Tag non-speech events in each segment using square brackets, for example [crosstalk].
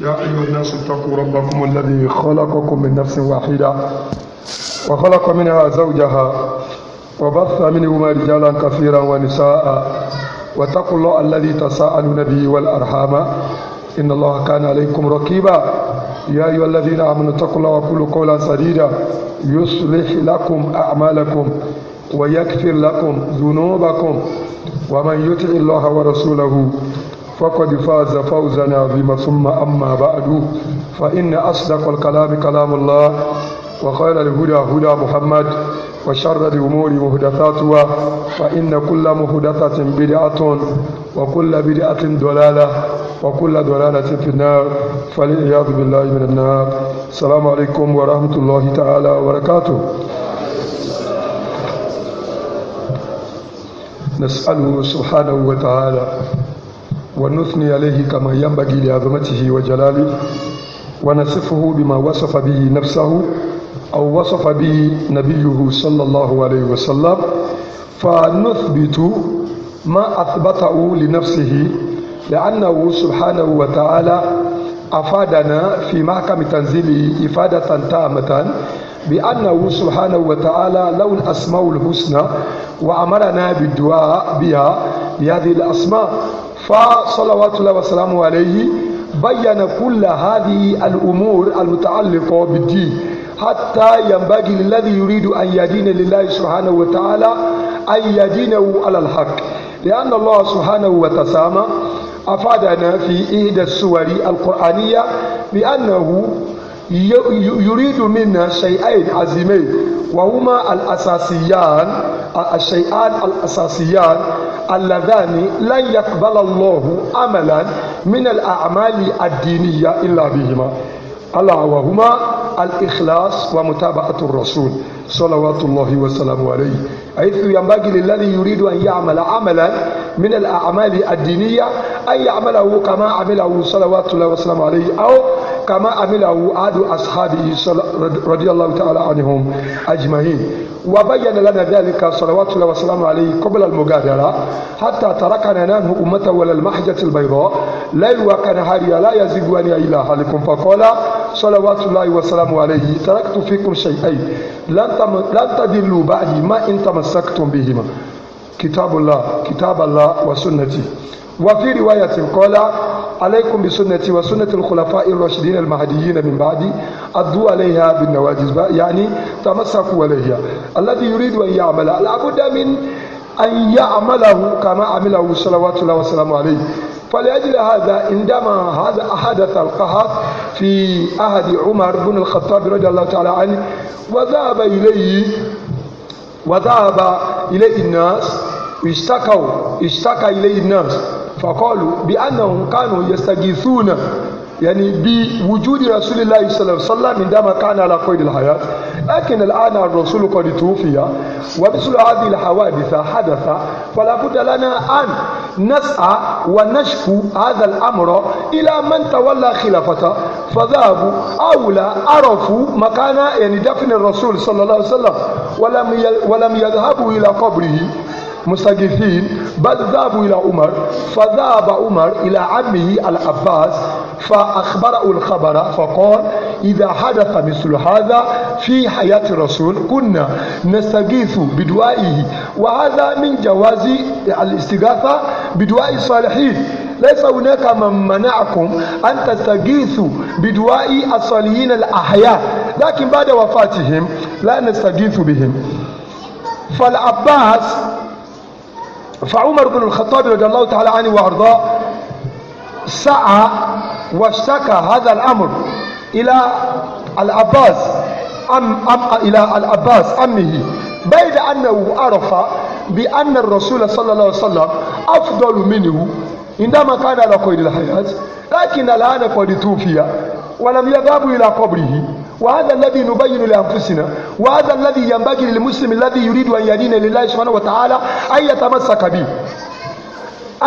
يا أيها الناس اتقوا ربكم الذي خلقكم من نفس واحدة وخلق منها زوجها وبث منهما رجالا كثيرا ونساء واتقوا الله الذي تساءلون به والأرحام إن الله كان عليكم رقيبا يا أيها الذين آمنوا اتقوا الله وقولوا قولا سديدا يصلح لكم أعمالكم ويكفر لكم ذنوبكم ومن يطع الله ورسوله فقد فاز فوزا عظيما ثم أما بعد فإن أصدق الكلام كلام الله وخير الهدى هدى محمد وشر الأمور محدثاتها فإن كل محدثة بدعة وكل بدعة ضلالة وكل ضلالة في النار فالعياذ بالله من النار السلام عليكم ورحمة الله تعالى وبركاته نسأله سبحانه وتعالى ونثني عليه كما ينبغي لعظمته وجلاله ونصفه بما وصف به نفسه أو وصف به نبيه صلى الله عليه وسلم فنثبت ما أثبته لنفسه لأنه سبحانه وتعالى أفادنا في محكم تنزيله إفادة تامة بأنه سبحانه وتعالى لون أسماء الحسنى وأمرنا بالدعاء بها بهذه الأسماء فصلوات الله وسلامه عليه بين كل هذه الأمور المتعلقة بالدين حتى ينبغي للذي يريد أن يدين لله سبحانه وتعالى أن يدينه على الحق لأن الله سبحانه وتسامى أفادنا في إحدى السور القرآنية بأنه يريد منا شيئين عظيمين وهما الأساسيان الشيئان الأساسيان اللذان لن يقبل الله عملا من الأعمال الدينية إلا بهما ألا وهما الإخلاص ومتابعة الرسول صلوات الله وسلامه عليه حيث ينبغي للذي يريد أن يعمل عملا من الأعمال الدينية أن يعمله كما عمله صلوات الله وسلامه عليه أو kama amilahu adu ashabihi radiyallahu ta'ala anhum ajma'in wa bayyana lana dhalika salawatu wa salamu alayhi qabla al-mughabara hatta tarakana nanhu ummata wal mahjat al-bayda layl wa kanahariya la yazigu an ila halikum faqala salawatu wa salamu alayhi taraktu fikum shay'ain lan tadillu ba'di ma in tamassaktum bihima kitabullah kitaballah wa sunnati wa fi riwayatin qala عليكم بسنتي وسنة الخلفاء الراشدين المهديين من بعدي أدوا عليها بالنواجز يعني تمسكوا عليها الذي يريد أن يعمل لابد من أن يعمله كما عمله صلوات الله وسلامه عليه فلأجل هذا عندما هذا حدث القحط في عهد عمر بن الخطاب رضي الله تعالى عنه وذهب إليه وذهب إليه الناس اشتكوا اشتكى إليه الناس فقالوا بأنهم كانوا يستغيثون يعني بوجود رسول الله صلى الله عليه وسلم عندما كان على قيد الحياة لكن الآن الرسول قد توفي ومثل هذه الحوادث حدث فلا بد لنا أن نسعى ونشكو هذا الأمر إلى من تولى خلافته فذهبوا أولى عرفوا مكان يعني دفن الرسول صلى الله عليه وسلم ولم ولم يذهبوا إلى قبره مستغيثين بل ذهبوا إلى عمر فذهب عمر إلى عمه العباس فأخبره الخبر فقال إذا حدث مثل هذا في حياة الرسول كنا نستغيث بدوائه وهذا من جواز الاستغاثة بدواء الصالحين ليس هناك من منعكم أن تستغيثوا بدواء الصالحين الأحياء لكن بعد وفاتهم لا نستغيث بهم فالعباس فعمر بن الخطاب رضي الله تعالى عنه وارضاه سعى واشتكى هذا الامر الى العباس أم أم الى العباس امه بيد انه عرف بان الرسول صلى الله عليه وسلم افضل منه عندما كان على قيد الحياه لكن الان قد توفي ولم يذهبوا الى قبره وهذا الذي نبين لأنفسنا وهذا الذي ينبغي للمسلم الذي يريد أن يدين لله سبحانه وتعالى أن يتمسك به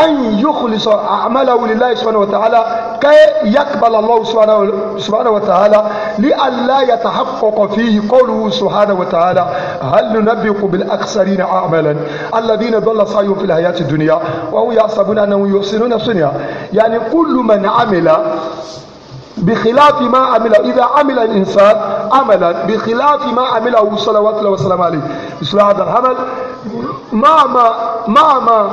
أن يخلص أعماله لله سبحانه وتعالى كي يقبل الله سبحانه, سبحانه وتعالى لئلا يتحقق فيه قوله سبحانه وتعالى هل ننبئ بالأخسرين أعمالا الذين ضل سعيهم في الحياة الدنيا وهم يحسبون أنهم يحسنون صنيعا يعني كل من عمل بخلاف ما عمل إذا عمل الإنسان عملا بخلاف ما عمله صلوات الله وسلام عليه مثل هذا العمل مع ما مع ما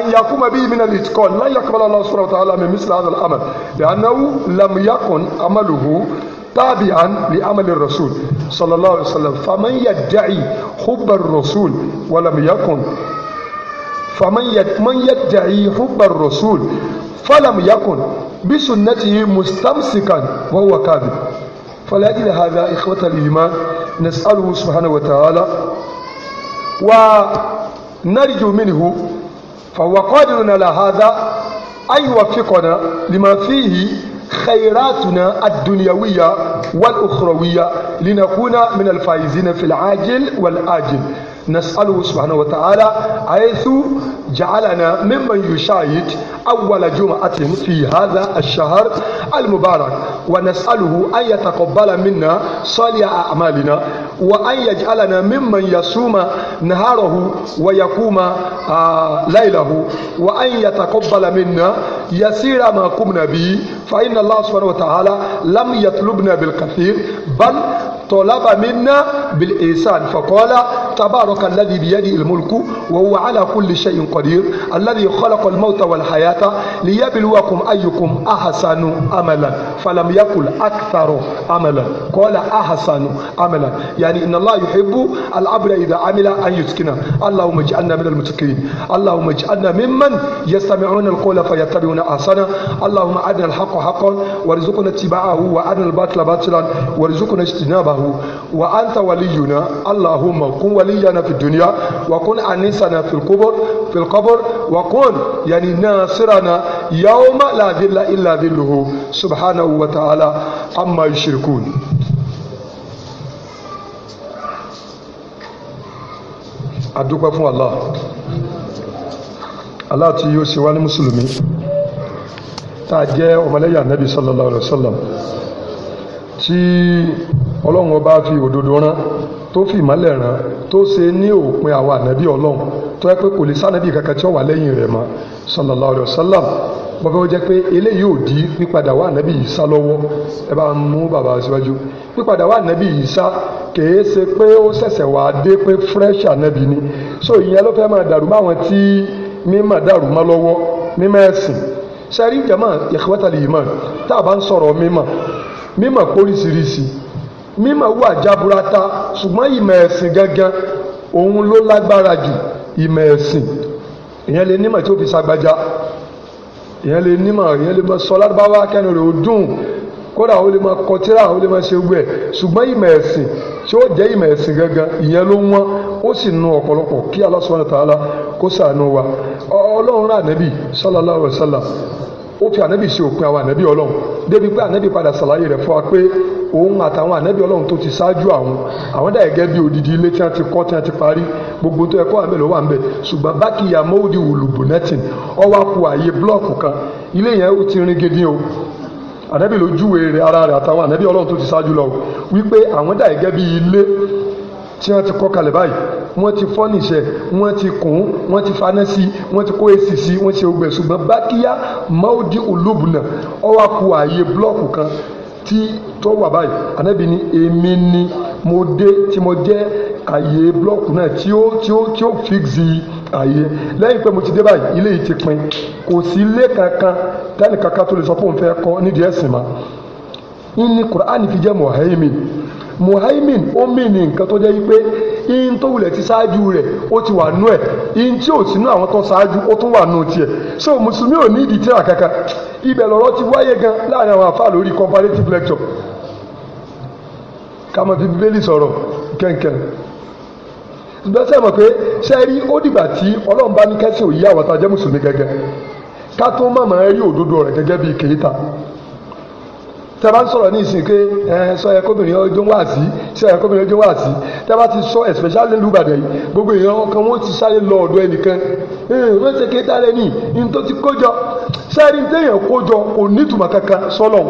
أن يقوم به من الإتقان لا يقبل الله سبحانه وتعالى من مثل هذا العمل لأنه لم يكن عمله تابعا لعمل الرسول صلى الله عليه وسلم فمن يدعي حب الرسول ولم يكن فمن يد من يدعي حب الرسول فلم يكن بسنته مستمسكا وهو كاذب فلأجل هذا إخوة الإيمان نسأله سبحانه وتعالى ونرجو منه فهو قادر على هذا أن يوفقنا لما فيه خيراتنا الدنيوية والأخروية لنكون من الفائزين في العاجل والآجل نسأله سبحانه وتعالى حيث جعلنا ممن يشاهد أول جمعة في هذا الشهر المبارك ونسأله أن يتقبل منا صالح أعمالنا وأن يجعلنا ممن يصوم نهاره ويقوم آه، ليله وأن يتقبل منا يسير ما قمنا به فإن الله سبحانه وتعالى لم يطلبنا بالكثير بل طلب منا بالإحسان فقال تبارك الذي بيده الملك وهو على كل شيء قدير الذي خلق الموت والحياة ليبلوكم أيكم أحسن أملا فلم يقل أكثر أملا قال أحسن أملا يعني إن الله يحب العبد إذا عمل أن يسكنه اللهم اجعلنا من المتقين اللهم اجعلنا ممن يستمعون القول فيتبعون أحسنه اللهم أدنا الحق حقا وارزقنا اتباعه وأدنا الباطل باطلا وارزقنا اجتنابه وأنت ولينا اللهم قوة ولينا في الدنيا وكن أنيسنا في القبر في القبر وكن يعني ناصرنا يوم لا ذل إلا ذله سبحانه وتعالى عما يشركون adúpẹ́ fún الله الله tí yóò ṣe wá ní mùsùlùmí الله a jẹ́ ọmọlẹ́yà Nabi tí ọlọ́run ọba fi òdodo rán tó fi ìmọ́lẹ̀ rán tó ṣe ní òpin àwọn ànábì ọlọ́run tó yẹ pé kò lè sànábì kankan tí ó wà lẹ́yìn rẹ̀ mọ́ sallallahu alayhi wa sallam bọ́fẹ́ ó jẹ́ pé eléyìí ò dí pípadà wà ànábì Ìsá lọ́wọ́ ẹ bá mú bàbá síwájú pípadà wà ànábì Ìsá kèé ṣe pé ó ṣẹ̀ṣẹ̀ wà á dé pé fresh ànábì ni so ìyẹn ló fẹ́ máa dàrú máwọn tí mímọ̀ dàrú mọ́ lọ́wọ́ mímọ̀ ẹ̀sìn sẹ́rí jama ikhwatal iman tá a bá ń sọ̀rọ̀ mímọ̀ mímọ̀ póríṣiríṣi mímọ̀ wà jaburata ṣùgbọ́n ìmọ̀ ẹ̀sìn gangan òun ló lágbára jù ìmọ̀ ẹ̀sìn ìyẹn lè tí ó fi sagbaja ìyẹn lè nímọ̀ ìyẹn lè mọ sọ kẹnu rẹ̀ ó dùn kódà ó lè mọ kọtíra ó lè mọ ṣe gbẹ ṣùgbọ́n ìmọ̀ tí ó jẹ́ gangan ìyẹn ló ó sì nu ọpọlọpọ kí wa ta'ala kó ṣàánú wa ọlọ́run rà ó fi ànábì ṣe òpin àwọn ànábì ọlọ́run débi pé ànábì padà ṣàlàyé rẹ̀ fún wa pé òun àtàwọn ànábì ọlọ́run tó ti ṣáájú àwọn àwọn dà gẹ́gẹ́ bí odidi ilé tí wọ́n ti kọ́ tí wọ́n ti parí gbogbo tó yẹ kó wà ń ló wà ń bẹ̀ ṣùgbọ́n bákìyà mọ́wúdì wùlùbù nẹ́tìn ọwọ́ àpò àyè blọ́ọ̀kù kan ilé yẹn ó ti rin gidi o ànábì lójúwe rẹ̀ ara rẹ̀ àtàwọn ànábì ọlọ́run tó ti ṣáájú lọ wípé àwọn dà gẹ́gẹ́ bí ilé tí wọ́n ti kọ́ kalẹ̀ báyìí wọ́n ti fọ́nìṣẹ́ wọ́n ti kùn wọ́n ti faná sí wọ́n ti kó èsì sí wọ́n ṣe ogbẹ̀ ṣùgbọ́n bákíyá maudi olóbùnà ọwọ́ ku ààyè blọ́ọ̀kù kan tí tó wà báyìí ànábì ni èmi ni mo dé tí mo jẹ́ ààyè blọ́ọ̀kù náà tí ó tí ó tí ó fíìsì ààyè lẹ́yìn pé mo ti dé báyìí ilé yìí ti pin kò sí ilé kankan tẹ́nì kankan tó lè sọ fún fẹ́ kọ́ nídìí ẹ̀sìn mọ́ muhammed ó nke ní nǹkan tó jẹ́ wípé in tó wulẹ̀ ti ṣáájú rẹ̀ ó ti wà nú ẹ̀ in tí ò sínú àwọn tó ṣáájú ó tún wà nú tiẹ̀ so mùsùlùmí ò ní ìdí tíra kankan ibẹ̀ lọ́rọ́ ti wáyé gan láàrin àwọn àfáà lórí comparative lecture ká fi bíbélì sọ̀rọ̀ kẹ́ńkẹ́ń gbẹ́sẹ̀ mọ̀ pé ó dìgbà tí ọlọ́run bá ní kẹ́sìn òyí àwọn tá mùsùlùmí gẹ́gẹ́ ká tó mọ̀mọ́ rí tẹ́ bá ń sọ̀rọ̀ ní ìsìn pé ẹ sọ yẹ kóbìnrin ọjọ́ wà sí sọ yẹ kóbìnrin ọjọ́ wà sí tẹ́ bá ti sọ especially lùbàdàn yìí gbogbo èèyàn kan wọ́n ti sáré lọ ọ̀dọ̀ ẹnìkan ee wọ́n ṣe kéta rẹ ní ní tó ti kójọ sẹ́ẹ̀rì téèyàn kójọ kò nítumọ̀ kankan sọ́lọ̀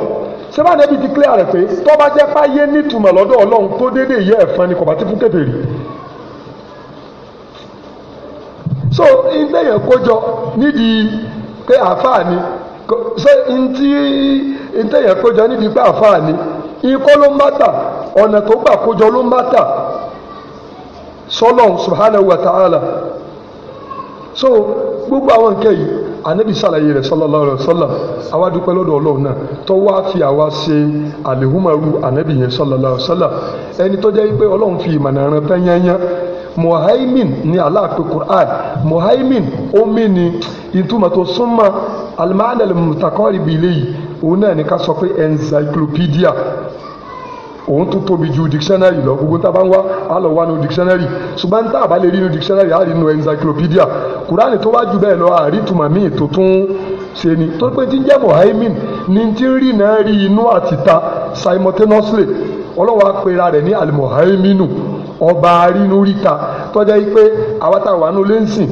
sẹ́fà nẹ́bí ti clear rẹ̀ pé tó bá jẹ́ fáyé nítumọ̀ lọ́dọ̀ ọlọ́run tó déédéé yẹ ẹ̀fọn ni kò bá ti fún kébèrè so ilé yẹn kójọ nídìí pé àáfàá ni ṣé ntí ìtẹ̀yẹ̀ kójọ níbi pé àfáà ni ikọ́ ló ń bá tà ọ̀nà tó gbà kójọ ló ń bá tà sọlọ́n subhanahu wa ta'ala so gbogbo àwọn nǹkan yìí anabi sàlàyé rẹ̀ sallallahu alaihi wasallam àwa dúpẹ́ lọ́dọ̀ Ọlọ́run náà tó wá fi àwa ṣe àlèhùnmọ̀rú anabi yẹn sallallahu alaihi ẹni tó jẹ́ pé Ọlọ́run fi ìmọ̀nà ẹran tán yányán muhaimin ni aláàpẹ Qur'an muhaimin omi ni ìtumọ̀ tó súnmọ́ alimahalẹ̀ mùtàkọ́rì bìlẹ̀ òun náà ní ká sọ pé encyclopedia òun tó tóbi ju dictionary lọ gbogbo tá bá ń wá a lọ wá nu dictionary ṣùgbọ́n tá a lè rí nu dictionary a rí nu encyclopedia kùránì tó wá jù bẹ́ẹ̀ lọ àrítùmọ̀ míì tó tún ṣe ni tó pé tí ń jẹ́ mohamed ní ti ń rí náà rí inú àtìta simultaneously ọlọ́wọ́ apẹ̀ra rẹ̀ ní alimohaminu ọba arínúríta tọ́jà yìí pé àwa tá a lẹ́sìn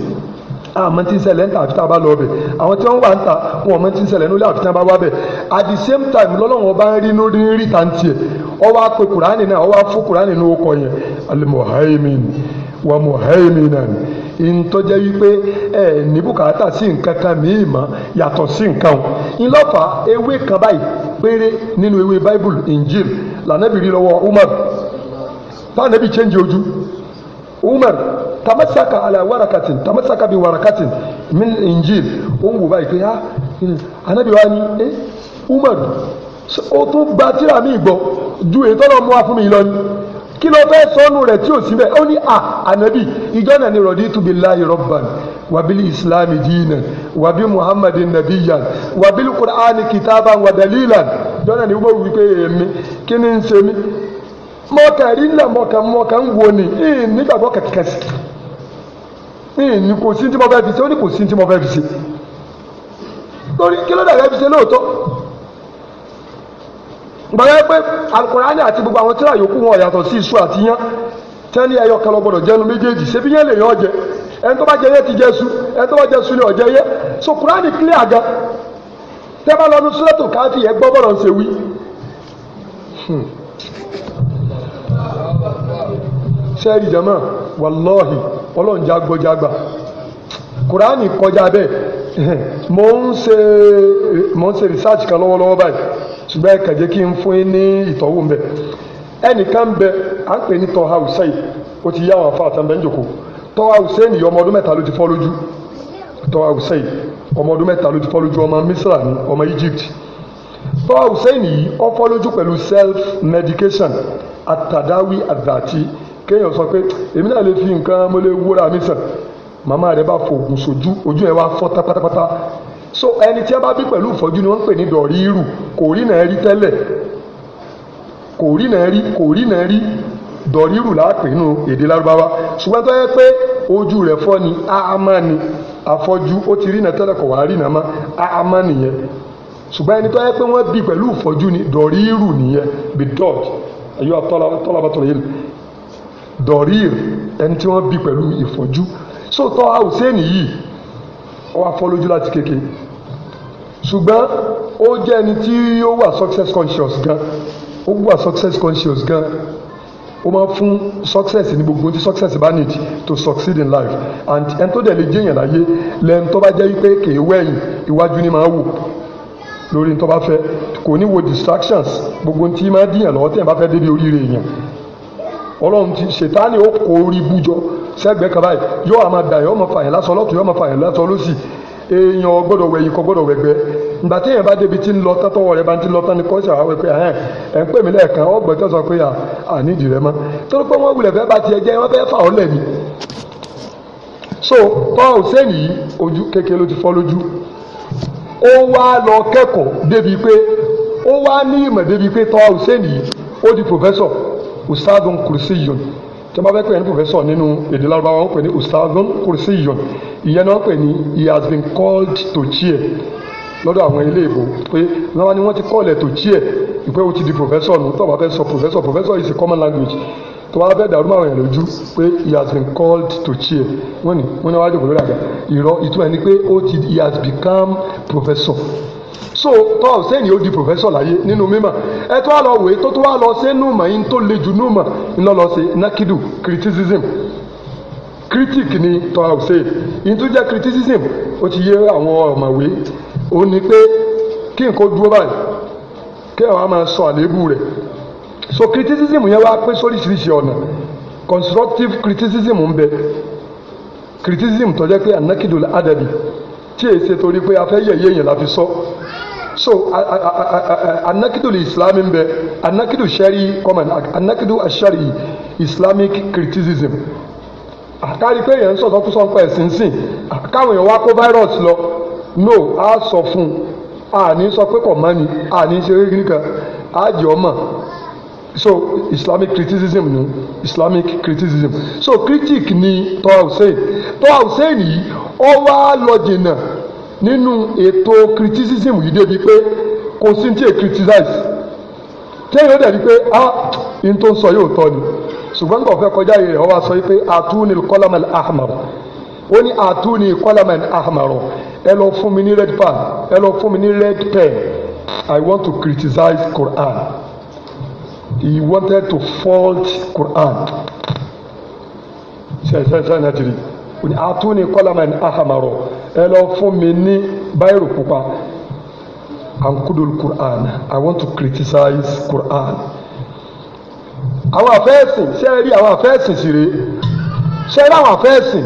àmọ́ ah, tí ń ṣẹlẹ̀ ń ta àfi tá a bá lọ bẹ̀ àwọn tí wọ́n wà ń ta wọn àmọ́ tí ń ṣẹlẹ̀ nílẹ̀ àfi tá a bá wà bẹ̀ at the same time lọ́lọ́wọ́n bá ń rí inú rí rí ta ń tiẹ̀ ó wá pe kùránì náà ó wá fún kùránì ní okọ̀ yẹn alimuhaimin wa muhaiminan ntọ́jẹ́ wípé ẹ ní bùkátà sí nǹkan kan míì mọ́ yàtọ̀ sí nǹkan o ńlọ́fà ewé kan báyìí péré nínú ewé bible injil lànàbì rí lọ́wọ́ umar tamasaka ala warakatin tamasaka bi warakatin min injil òun wò báyìí pé ha ah, anabi wa ni ẹ eh, umar o tún gba tíra mi gbọ́ ju èyí tọ́lọ̀ mú wa fún mi lọ ni kí ló fẹ́ sọnù rẹ̀ tí ò sí bẹ́ẹ̀ ó ní à ah, ànábì ìjọ náà ni raditu billahi rabban wàbílì islam dinan wàbí muhammadin nabiyyan wàbílì qur'ani kitaban wa dalilan ìjọ náà ni wọ́n wí pé èmi kí ni ń ṣe mí mọ̀ọ́kà ńlá mọ̀ọ́kà mọ̀ọ́kà ń wo ni ìnígbàgbọ́ kàkàsì èyí eh, kò sí tí mo fẹ́ fi ṣe ó ní kò sí tí mo fẹ́ fi ṣe torí kí ló dàgbẹ́ fi ṣe lóòótọ́ gbọ́dọ̀ pé alukurani àti gbogbo àwọn tíra yòókù wọn yàtọ̀ sí iṣu àti yán tẹ́lẹ̀ ẹyọ kan lọ gbọ́dọ̀ jẹnu méjèèjì ṣé bí yẹn lè yàn jẹ ẹni tó bá jẹ yẹ ti jẹ su ẹni tó bá jẹ su ni ọ̀jẹ yẹ so kurani clear gan tẹ́ bá lọ ní sùlẹ̀tù káfí ẹ gbọ́ ń ṣe wí. Hmm. sẹ́ẹ̀rì jẹ́mọ̀ wàlọ́ọ̀hì ọlọ́njà gbọ́jàgbà kùránì kọjá bẹ́ẹ̀ [laughs] mò ń se mò ń ṣe research kan lọ́wọ́lọ́wọ́ báyìí ṣùgbọ́n ẹ̀ka jẹ́ kí n fún yín ní ìtọ́wò mbẹ́ ẹnìkan bẹ à ń pè ní tọ́ha hussein ó ti yá àwọn afọ àtàǹbẹ̀ ń jòkó tọ́ha hussein yìí ọmọ ọdún mẹ́ta ló ti fọ́ lójú tọ́ha hussein ọmọ ọdún mẹ́ta ló ti fọ́ lójú ọmọ misra ní ọmọ egypt tọ́ha hussein yìí ó fọ́ lójú pẹ̀lú self medication àtàdáwí àdàtì kéèyàn sọ pé èmi náà lè fi nǹkan mo lè wúra mi sàn màmá rẹ bá fògùn sójú ojú ẹ wá fọ́ tápátápátá so ẹni tí a bá bí pẹ̀lú ìfọ́jú ni wọ́n ń pè ní dọ̀rí irù kò rí náà rí tẹ́lẹ̀ kò rí náà rí kò rí náà rí dọ̀rí irù láàpè nínú èdè lárúbáwá ṣùgbọ́n tó yẹ pé ojú rẹ̀ fọ́ ni àmọ́ ni àfọ́jú ó ti rí náà tẹ́lẹ̀ kò wá rí náà mọ́ àmọ́ nìyẹn ṣùgbọ́n ẹni tó yẹ pé wọ́n bí pẹ̀lú ìfọ́jú ni dọ̀rí irù nìyẹn bí dọ́ọ̀j Dorir, ẹni tí wọ́n bí pẹ̀lú ìfọ́jú sóòtọ́ àwùsẹ́ẹ̀nì yìí wọ́n wá fọ́ lójú láti kéke ṣùgbọ́n ó jẹ́ ẹni tí ó wà success conscious gan ó wà success conscious gan ó máa fún success ní gbogbo tí success bá need to succeed in life and ẹni tó dẹ̀ lè jẹ́yàn láyé lẹ́nu tó bá jẹ́ wípé kèé wẹ̀yìn iwájú ni máa wò lórí tó bá fẹ́ kò ní wo distractions gbogbo tí máa dìyàn lọ́wọ́ tẹ̀yìn bá fẹ́ débi oríire èèyàn ọlọ́run ti ṣètánì ó kó orí bújọ sẹ́gbẹ̀ẹ́ kan báyìí yóò àmà dà yóò mọ fàyàn lásán lọ́tún yóò mọ fàyàn lásán lọ́sì èèyàn gbọ́dọ̀ wẹ̀ yìí kọ́ gbọ́dọ̀ wẹ̀ gbẹ́ ìgbà tí èèyàn bá débi tí ń lọ tán tọwọ́ rẹ̀ bá ti lọ tán ni kọ́sà wá wẹ̀ pé ẹ̀ ẹ̀ ń pè mí lẹ́ẹ̀kan ọgbọ̀n tó sọ pé àníjì rẹ mọ́ torí pé wọ́n wulẹ̀ fẹ́ bá tiẹ̀ jẹ́ wọ́n fẹ́ fà ọ́ lẹ̀ ni. so paul hussein yìí ojú kékeré ló ti fọ́ lójú ó wá lọ kẹ́kọ̀ọ́ débi pé ó wá ní ìmọ̀ débi pé paul hussein yìí ó di professor ustadun kursiyun tí wọ́n bá pè ní professor nínú èdè lárúbáwá wọ́n pè ní ustadun kursiyun ìyẹn náà pè ní he has been called to chair lọ́dọ̀ àwọn ilé ìbò pé lọ́wọ́ ni wọ́n ti kọ́ọ̀lẹ̀ tó jí ẹ̀ ìpé o ti di professor nù tó bá fẹ́ sọ professor professor is a common language tó bá fẹ́ dàrú màwọn èèyàn lójú pé he has been called to chair wọ́n ní wọ́n ní wájú kò lórí àga ìrọ̀ ìtumọ̀ ni pé he has become professor so tọ́ sẹ́yìn ó di professor láyé nínú mímọ̀ ẹ tó wá lọ wèé tó tó wá lọ sí númọ̀ yín tó le jù númọ̀ iná lọ sí nakidu criticism critic ni tọ́ àwùsẹ́ yìí tó jẹ́ criticism ó ti yé àwọn ọ̀mọ̀wé ó ní pé kí nǹkan dúró báyìí kí ẹ̀ wá máa sọ àléébù rẹ̀ so criticism yẹn wá pín sóríṣiríṣi ọ̀nà constructive criticism ń bẹ criticism tó jẹ́ pé anakidul adabi tí èsè torí pé afẹ́ yẹ̀yẹ́ yẹn la sọ. So so anakidu islami bẹ anakidu sari comment anakidu asari islamic criticism àkárí pé èèyàn ń sọ̀tọ́ kú sọ́npẹ́ sínsìn káwọn èèyàn wá kó virus lọ no a sọ fún un àní sọ pé kò mọ́ni àní ṣe rí nìkan a jẹ́ ọmọ so islamic criticism ni islamic criticism so critic ni tọ́wá hussein tọ́wá hussein yìí ó wá lọ jìnnà nínú ètò criticism yìí débi pé kò sí ní è criticize téèyàn dẹ̀ di pé ah n tó ń sọ yóò tọ́ ni ṣùgbọ́n nígbà ọ̀fẹ́ kọjá yìí rẹ̀ wọ́n wá sọ pé àtúni kọ́lámẹ́lì ahmar ó ní àtúni kọ́lámẹ́lì ahmar ẹ lọ fún mi ní red pan. ẹ lọ fún mi ní red pen I want to criticize Quran he wanted to fault Quran ṣe ṣe ṣe nàìjíríà ó ní àtúni kọ́lámẹ́lì ahmar ẹ lọ fún mi ní báyìrò pupa ankudul quran i want to criticize quran àwọn afẹ́sìn ṣe é rí àwọn afẹ́sìn sì rèé ṣe é rí àwọn afẹ́sìn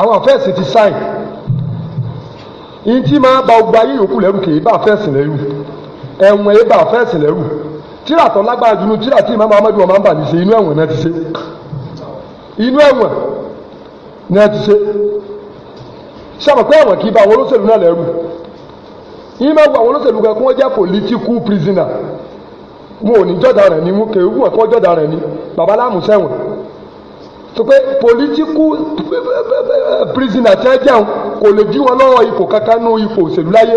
àwọn afẹ́sìn ti sáìn ìdí máa ba ọgbà ayé yòókù lẹ́rù kì í bá afẹ́sìn lẹ́rù ẹ̀wọ̀n ẹ̀ bá afẹ́sìn lẹ́rù tíra tó lágbára jùlọ tíra ìmáàmù amadu ọmọ àǹbà ní ṣe inú ẹ̀wọ̀n náà ti ṣe inú ẹ̀wọ̀n náà ti ṣe sábà pé àwọn kì í bá àwọn olóṣèlú náà lẹ́rù yìí máa wọ àwọn olóṣèlú kan kí wọ́n jẹ́ political prisoner wọn ò ní jọ́dá rẹ̀ ni wọn kèwé wọn kọ́ jọ́dá rẹ̀ ni bàbá láàmú sẹ́wọ̀n tó pé political prisoner tí wọ́n jẹun kò lè jí wọn lọ́wọ́ ipò kankan nú ipò òṣèlú láyé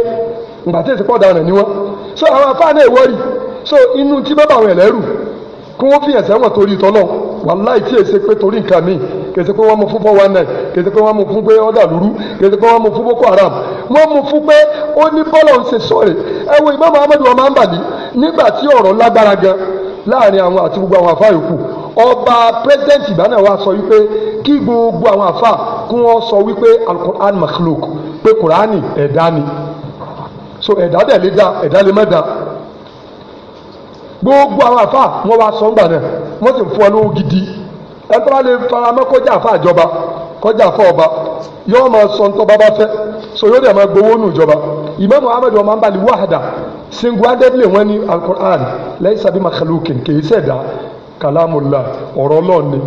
ìgbà tí èsì pọ̀ daràn ni wọ́n so àwọn afáà náà wọ́ọ̀rì so inú tí bàbá àwọn ẹ̀lẹ́rù kí wọ́n fìyàn sẹ́wọ̀n torí tọ́lọ́ wàláì tí èsì pé torí nǹkan míì kèsì pé wọ́n mú fún four one nine kèsì pé wọ́n mú fún pé ọ̀dà lúrú kèsì pé wọ́n mú fún boko haram wọ́n mú fún pé ó ní bọ́lọ̀ ń ṣe sọ̀rẹ̀ ẹ wo Imam Ahmad wọn máa ń bàdí nígbà tí ọ̀rọ̀ lágbára gan láàrin àwọn àti gbogbo àwọn àfa yòókù ọba president ìgbà náà wá sọ wípé kí gbogbo àwọn àfa kí wọ́n sọ wípé al-Qur'an makhluk pé kùránì ẹ̀dá ni so ẹ̀dá dẹ̀ lè da ẹ̀dá lè má da gbogbo àwọn àfa wọn wá sọ ńgbà náà wọ́n sì fún ọ lówó gidi ẹ̀ńtọ́ bá lè faramọ́ kọjá àfa àjọba kọjá àfa ọba yóò máa sọ ntọ́ bá bá fẹ́ so yóò dẹ̀ máa gbowó nù ìjọba Imam Muhammad ọmọ nbali wahada singularly wọn ní Al-Qur'an laysa bi makhluqin kìí ṣẹ̀dá kalamullah ọ̀rọ̀ Ọlọ́run ni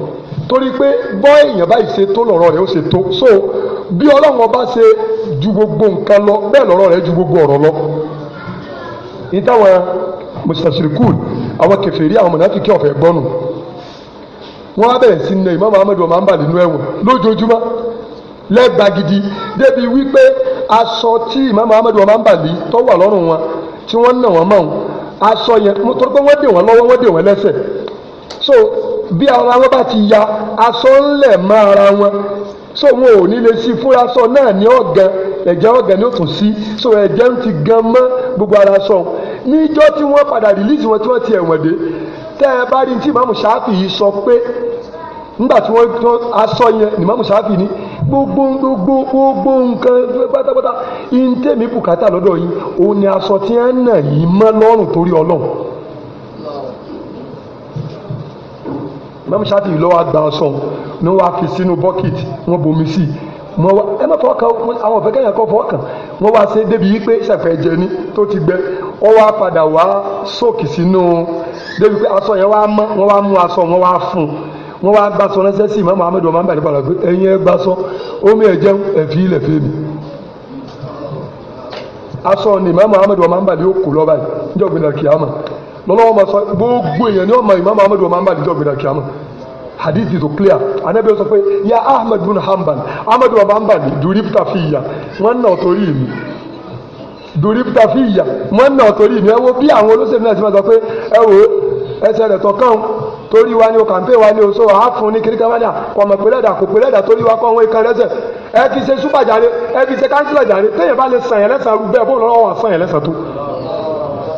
torí pé bọ́ èèyàn báyìí ṣe tó lọ́rọ̀ rẹ̀ ó ṣe tó so bí Ọlọ́run ọba ṣe ju gbogbo nǹkan lọ bẹ́ẹ̀ lọ́rọ̀ rẹ̀ ju gbogbo ọ̀rọ̀ lọ ìtàwọn mustashirikun àwọn kèfèrí àwọn mọ̀nàfíkì ọ̀fẹ́ gbọ́nù wọ́n á bẹ̀rẹ̀ sí ní Imam Ahmed ọmọ àǹbà nínú ẹ̀wọ̀n lójoojúmọ́ lẹ́gbàá gidi débi wípé aṣọ tí Imam Ahmed ọmọ àǹbà lè tó wà lọ́rùn wọn tí wọ́n nà wọ́n mọ̀ wọn aṣọ yẹn mo tọ́ wọ́n dè wọ́n lọ́wọ́ wọ́n dè wọ́n lẹ́sẹ̀ so bí ara wọn bá ti ya aṣọ ńlẹ̀ mọ́ ara wọn so wọn ò ní lè sí fúnra sọ náà ní ọ̀gán ẹ̀jẹ̀ ọ̀gán ni ó tún sí so ẹ̀jẹ̀ ń ti gan mọ́ gbogbo ara sọ níjọ́ tí wọ́n padà rìlíìsì wọn tí wọ́n ti ẹ̀wọ̀n dé tẹ́ ẹ bá rí ní tí ìmáàmù ṣáfì yìí sọ pé nígbà tí wọ́n tó aṣọ yẹn ìmáàmù ṣáfì ní gbogbo gbogbo gbogbo nǹkan pátápátá ìǹtẹ̀mí bùkátà lọ́dọ̀ yìí òun ni aṣọ tí ẹ ń nà yìí mọ́ lọ́rùn torí ọlọ́run ìmáàmù ṣáfì yìí lọ́wọ́ àgbà aṣọ ni wọ́n á fi sínú bọ́kìtì wọ́n bomi sí i wọn wá ẹ má fọwọ́ kan àwọn òfin kẹ́yìn kan fọwọ́ kan wọn wá ṣe débi yìí pé ṣẹ̀fẹ̀jẹ̀ ni tó ti gbẹ ọ wá padà wá sóòkì sínú débi pé aṣọ yẹn wá mọ wọn wá mú aṣọ wọn wá fún wọn wá gbàsọ ránṣẹ́ sí ìmọ̀ Muhammadu ọmọ àbàdì padà pé ẹ̀yin ẹ gbàsọ omi ẹ̀fí ilẹ̀ fẹ́ mi aṣọ ni ìmọ̀ lọ́ba yìí níjọ́ ma sọ gbogbo èèyàn ni ọmọ ìmọ̀ hadithi tó clear anabi sọ pé ya ahmed bin hanbal ahmed bin hanbal duribta fiya wọn náà torí mi duribta fiya wọn náà torí mi ẹ wo bí àwọn olóṣèlú náà ti máa sọ pé ẹ wo ẹsẹ̀ rẹ̀ tọ̀kàn torí wa ni o kàmpé wa ni o so a fún ni kirika wani a kò mọ̀ pẹ̀lẹ́dà kò pẹ̀lẹ́dà torí wa kọ́ àwọn ikan rẹ̀ sẹ̀ ẹ fi ṣe súpàjáde ẹ fi ṣe kánsílà jáde téèyàn bá lè sàn yẹn lẹ́sàn-án rú bẹ́ẹ̀ bó lọ́wọ́ wa sàn yẹn lẹ́sàn-án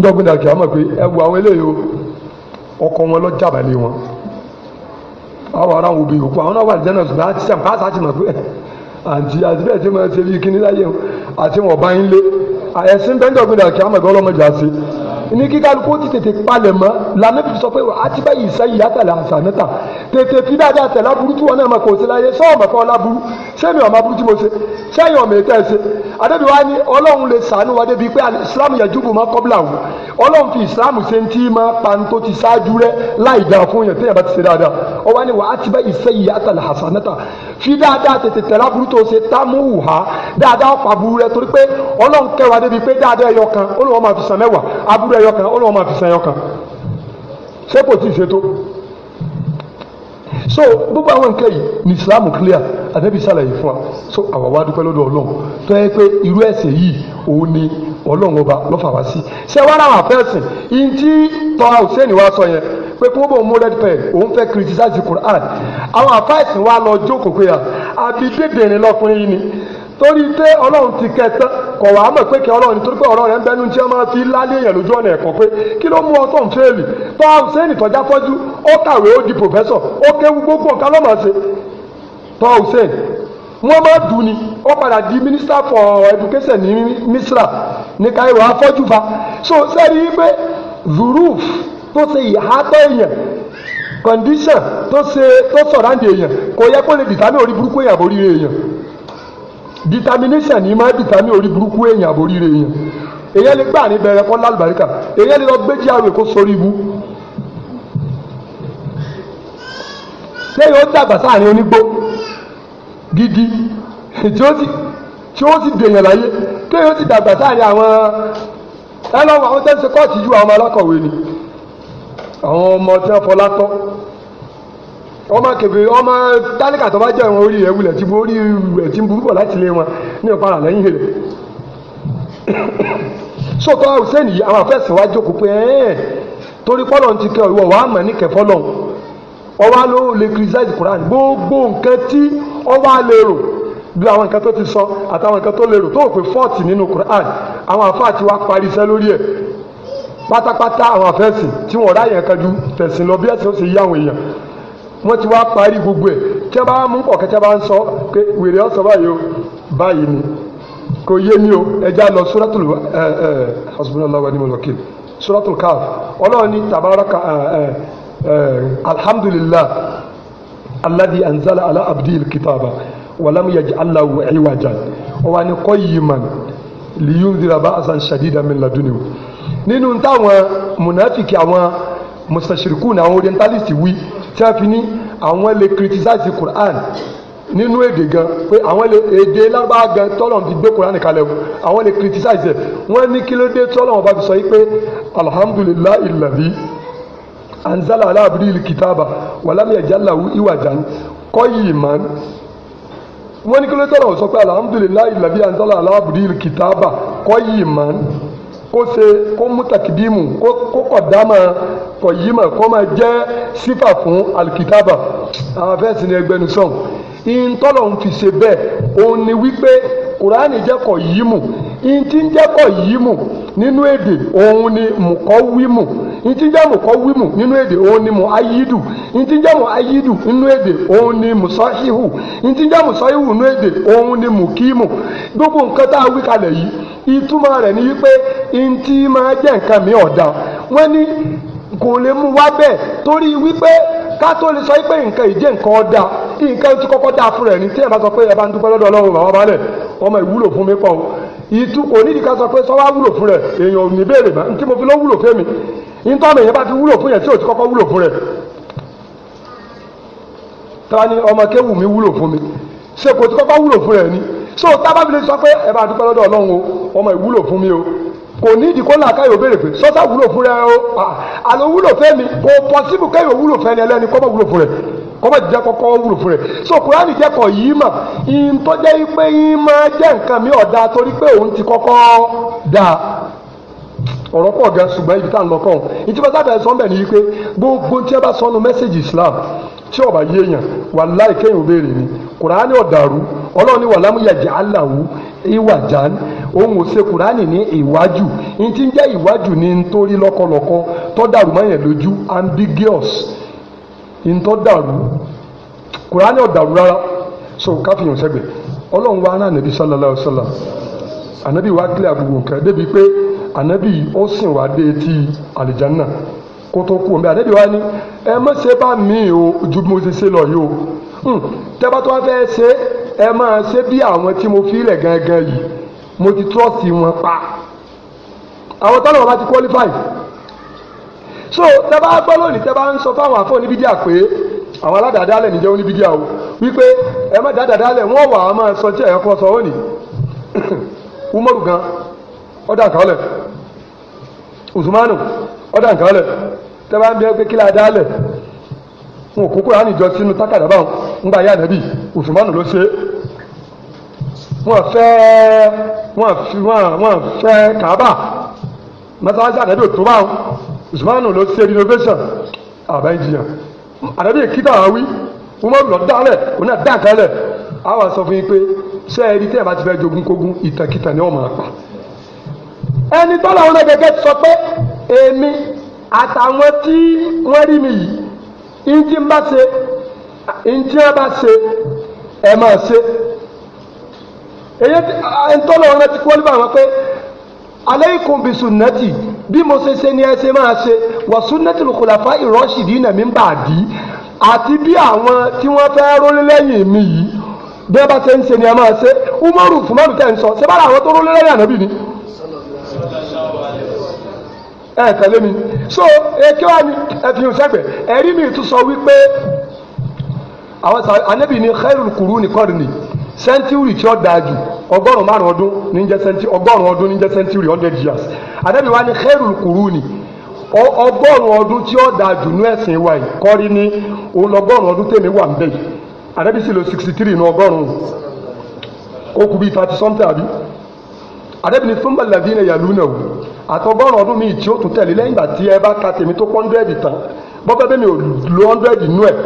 njọ́gbìn dàkí àmọ́ pé ẹ àwọn eléyìí o ọkọ wọn lọ jàbálẹ̀ wọn àwọn ará wo bí òkú àwọn náà wà lẹ́nà sùn láti sàn pàṣẹ àti mọ̀ pé àǹtí àti bẹ́ẹ̀ tí mo ṣe bí kíní láyé àti wọn bá ń lé ẹ̀sìn bẹ́ńdọ̀gbìn dàkí àmọ́ pé ọlọ́mọdé àti ní kíkálukú ti tètè palẹ̀ mọ́ lànà fi sọ pé wà á ti bá yìí sẹ́yìn yàtàlẹ̀ àṣàmẹ́ta tètè fi dáadáa tẹ̀ láburú tí wọn náà máa kò sí láyé sọ ọmọ kan láburú sẹ́mi ọmọ aburú tí mo ṣe sẹ́yìn ọmọ ètò ẹ̀ṣẹ̀ adébí wa ni ọlọ́run lè sànú wa débi pé islam yajubu máa kọ́bílà wò ọlọ́run fi islam ṣe ń tí máa pantó ti ṣáájú rẹ láì dáa fún yẹn téèyàn bá ti ṣe dáadáa ọ wá ní wà á ti bá ìsẹ́yìn yàtàlẹ̀ àṣàmẹ́ta fi dáadáa tètè tẹ̀ láburú tó ṣe támúhùhá dáadáa ọ̀pọ̀ aburú rẹ torí pé ọlọ́run kẹwàá débi pé dáadáa ẹyọ kan ó lè wọ́n máa fi sàn mẹ́wàá aburú ẹyọ kan ó lọ́wọ́ máa fi san ẹyọ kan ṣé kò tí ì ṣètò so gbogbo àwọn nǹkan yìí ní islam clear ànábì ṣàlàyé fún wa so àwa wá dúpẹ́ lọ́dọ̀ ọlọ́run tó yẹ pé irú ẹ̀sìn yìí òun ni ọlọ́run ọba lọ́fà wá sí ṣé wàá ràwọn àfẹ́sìn ìyìn tí tọ́ra hussein wá sọ yẹn pé kí wọ́n bọ̀ mú red pen òun fẹ́ criticize quran àwọn àfẹ́sìn wa lọ jókòó pé àbí bèbèrè lọkùnrin yìí ni torí pé ọlọ́run ti kẹta kọ̀ wá mọ̀ pé kẹ ọlọ́run nítorí pé ọ̀rọ̀ rẹ̀ ń bẹnu tí wọ́n máa fi lálẹ́ èèyàn lójú ọ̀nà ẹ̀kọ́ pé kí ló mú ọ ń fẹ́ẹ̀lì tó Hussein tọ́já fọ́jú ó kàwé ó di pòfẹ́sọ̀ ó kéwu gbogbo nǹkan lọ́mọ ṣe tó Hussein wọ́n máa dùn ni ó padà di minister for education ní Misra ní Cairo afọ́jú fa so sẹ́ni pé zuruf tó ṣe ìhátọ́ èèyàn condition tó ṣe tó sọ̀ráǹdì èèyàn kò yẹ kó lè dìtánù orí burúkú èèyàn àbórí èèyàn determination ni máa determine orí burúkú èèyàn àbóríire èèyàn èèyàn lè gbà ní bẹ̀rẹ̀ kọ́ lálùbáríkà èèyàn lè lọ gbé jíàwé kó sórí ibú. téèyàn ó dàgbà sáàrin onígbó gidi tí ó sì tí ó sì dèèyàn láyé téèyàn ó sì dàgbà sáàrin àwọn ẹ lọ́wọ́ àwọn tẹ́sí kọ́ọ̀tì ju àwọn alákọ̀wé ni àwọn ọmọ tí wọ́n fọlá tọ́ ọmọ kẹfẹ ọmọ tálíkà tó bá jẹ wọn orí rẹ wulẹ̀ tí orí rẹ ti ń burú bọ̀ láti lé wọn ní ìpara lẹ́yìn rẹ [coughs] sọtọ hussein yìí àwọn afẹsẹ wa jókòó pé ẹ torí pọlọ ti kẹ ìwọ wàá mọ níkẹ fọlọ ọwọ ló lè criticize Quran gbogbo nǹkan tí ọwọ lérò bí àwọn nǹkan tó ti sọ àtàwọn nǹkan tó lérò tó pé fọ́ọ̀tì nínú Quran àwọn àfáà ti wá parí iṣẹ́ lórí ẹ̀ pátápátá àwọn afẹ́sìn tí wọ́n ráyẹ̀ kanjú tẹ̀sìn lọ bí ẹ̀sìn ó ṣe yí àwọn èèyàn wọ́n ti wá parí gbogbo ẹ̀ tí wọ́n bá mú kọ̀ọ̀kan tí wọ́n bá ń sọ pé wèrè ọ̀sán báyìí o báyìí ni kò yé mi o ẹja lọ suratul ẹ ẹ hasbunallahu wa ni'mal wakil suratul kaf ọlọ́run ní tabaraka ẹ ẹ alhamdulillah alladhi anzala ala abdil kitaba walam yaj'al lahu iwajan ọwọ́ ni qayyiman liyunzira ba'san shadidan min ladunhu nínú táwọn munafiki àwọn mustashirikun àwọn orientalist wí. Oui tí a fi ní àwọn lè criticize Quran nínú èdè gan pé àwọn lè èdè lábá gan tọ́lọ̀ fi gbé Quran kalẹ̀ o àwọn lè criticize wọ́n ní kí ló dé tọ́lọ̀ wọn bá fi sọ yìí pé alhamdulillahi alladhi anzala ala abdil kitaba walam yajal lahu iwajan qayyiman wọ́n ní kí ló tọ́lọ̀ sọ pé alhamdulillahi alladhi anzala ala abdil kitaba qayyiman kó ṣe kó mú takidimu kó kó kọ̀dámà kọ̀yímà kó máa jẹ́ sífà fún alikitaba àwọn afẹ́sì ni ẹgbẹ́nusọ̀n ìntọ́lọ̀ ń fi ṣe bẹ́ẹ̀ òun ni wípé kùránì jẹ́ kọ̀yímù ìntí ń jẹ́ nínú èdè òun ni mùkọ́wímù ìtìjẹ́ mùkọ́wímù nínú èdè òun ni mùáyídù ìtìjẹ́ mùáyídù nínú èdè òun ni mùsọ́híhù ìtìjẹ́ mùsọ́híhù nínú èdè òun ni mùkímù gbogbo nǹkan tá a wí kalẹ̀ yìí ìtumọ̀ rẹ̀ ni wípé ntí máa jẹ́ nǹkan mi ọ̀dà wọ́n ní kò lè mú wá bẹ́ẹ̀ torí wípé ká tó lè sọ pé nǹkan ìjẹ́ nǹkan ọ̀dà nǹkan tí kọ́kọ́ dáa fún rẹ̀ ní tí ẹ̀ bá sọ pé ẹ bá ń dúpẹ́ lọ́dọ̀ ọlọ́run bàbá balẹ̀ ọmọ ìwúlò fún mi pọ̀ ìtú kò nídìí ká sọ pé sọ wá wúlò fún rẹ èèyàn ò ní béèrè mọ́ tí mo fi lọ wúlò fún mi nítorí èèyàn bá ti wúlò fún yẹn tí ò ti kọ́kọ́ wúlò fún rẹ. ta ni ọmọ kéwù mi wúlò fún mi ṣé kò ti kọ́kọ́ wúlò fún rẹ ni so tábàbílẹ̀ sọ pé ẹ bá dúpẹ́ lọ́dọ̀ ọlọ́run o ọmọ ìwúlò fún mi o kò ní ìdí kó là káyọ̀ béèrè pé sọ́sà wúlò fún rẹ o àlọ́ wúlò fẹ́ mi kò pọ̀ síbù káyọ̀ wúlò fẹ́ ni ẹlẹ́ni kọ́ mọ̀ wúlò kọ́mọ̀ jẹ́ kọ́kọ́ wúlò fún rẹ̀ so kúránì jẹ́kọ̀ yìí mà ìyìn tó jẹ́ pé yìí máa jẹ́ nǹkan mi ọ̀dà torí pé òun ti kọ́kọ́ dà ọ̀rọ̀ pọ̀ gan ṣùgbọ́n ibi tá à ń lọ kọ́ ọ̀hún ìjọba sábà sọ bẹ́ẹ̀ ni wípé gbogbo tí a bá sọ nu mẹ́sẹ̀gì Islam tí ọba yéèyàn wàláì kéèyàn béèrè ni kùránì ọ̀dàrú ọlọ́run ní wàlámù yàjà aláwù ìwàjàn òun ò ṣe kùránì ní ìwájú ní ń jẹ́ ìwájú ní nítorí lọ́kọ̀lọ́kọ̀ tó dàrú mọ́yàn lójú ambiguous ntọ́ dàrú kùránì ọ̀dàrú rárá so káfíyàn sẹ́gbẹ̀ ọlọ́run wa rán ànábì sallallahu alaihi wasallam ànábì wa kílẹ̀ àbúrò nǹkan débi pé ànábì ó sìn wá dé etí àlìjánà kó tó kú omi ànábì wa ní ẹ má ṣe bá mi o ju bí mo ṣe ṣe lọ yìí o hmm. tẹ́bá tó wá fẹ́ ṣe ẹ máa ṣe bí àwọn tí mo fi ilẹ̀ gangan yìí mo ti trọ́ọ̀sì wọn pa àwọn tọ́lọ̀ wọn bá ti qualify so tẹ́bá gbọ́ lónìí tẹ́bá ń sọ fáwọn afọ níbi díà pé àwọn aládàádálẹ̀ níjẹ́ oníbi díà o wípé ẹ má dáadáadálẹ̀ wọ́n wà á máa sọ tí ẹ̀yọ́ kọ́ sọ [coughs] Umaru gan ọ̀dà kálẹ̀ Usmanu ọ̀dà kálẹ̀ tẹ́bá ń bẹ pé kílá dálẹ̀ wọn ò kókó ránìjọ sínú tákàdá báwọn ńgbà yá nàbí Usmanu ló ṣe wọn fẹ́ wọn fẹ́ àdàbí usmanu ló ṣe renovation àbá ìjìyàn àdàbí ìkítà àwọn wí umaru lọ dálẹ̀ òun náà dá kan lẹ̀ àwa sọ fún yín pé ṣé ẹni tí ẹ bá ti fẹ́ jogún kógún ìtàkìtà ni wọ́n máa pa. ẹni tọ́lá wọn gẹ́gẹ́ sọ pé èmi àtàwọn tí wọ́n rí mi yìí ntí ń bá ṣe ntí ń bá ṣe ẹ máa ṣe. èyí ntọ́lá wọn ti kọ́ nípa àwọn pé aleikum bi sunnati bí mo ṣe ṣe ni ẹ ṣe máa ṣe wa sunnati lukulafa irashidina min ba'di àti bí àwọn tí wọ́n fẹ́ rólé lẹ́yìn mi yìí bí wọ́n bá ṣe ń ṣe ni ẹ máa ṣe umaru fumaru tẹ̀ ń sọ ṣé bára àwọn tó rólé lẹ́yìn ànábì ni. ẹ tẹ̀lé mi so eke wa ni ẹ fi hàn sẹ́gbẹ̀ ẹ̀rí mi tún sọ wípé àwọn ànábì ni khairul quruni qarni sẹ́ńtúrì tí ó dáa jù ọgọ́rùn márùn ọdún ní jẹ́ century ọgọ́rùn ọdún ní jẹ́ century hundred years àdẹ́bí wa ni khairul kuruni ọgọ́rùn ọdún tí ó dáa jù ní ẹ̀sìn wa yìí kọ́rí ní òun lọ́gọ́rùn ọdún tèmi wà ń bẹ̀ yìí àdẹ́bí sì lo sixty three ní ọgọ́rùn ó kú bíi thirty something àbí àdẹ́bí ni fún mọ̀lẹ́bí ni yàlú náà àtọgọ́rùn ọdún míì tí ó tún tẹ̀lé lẹ́yìn ìgbà tí ẹ bá ka tèmi tó pọ́ndẹ́ẹ̀dì tán bọ́bẹ́ bẹ́ẹ̀ mi ò lo hundred nú ẹ̀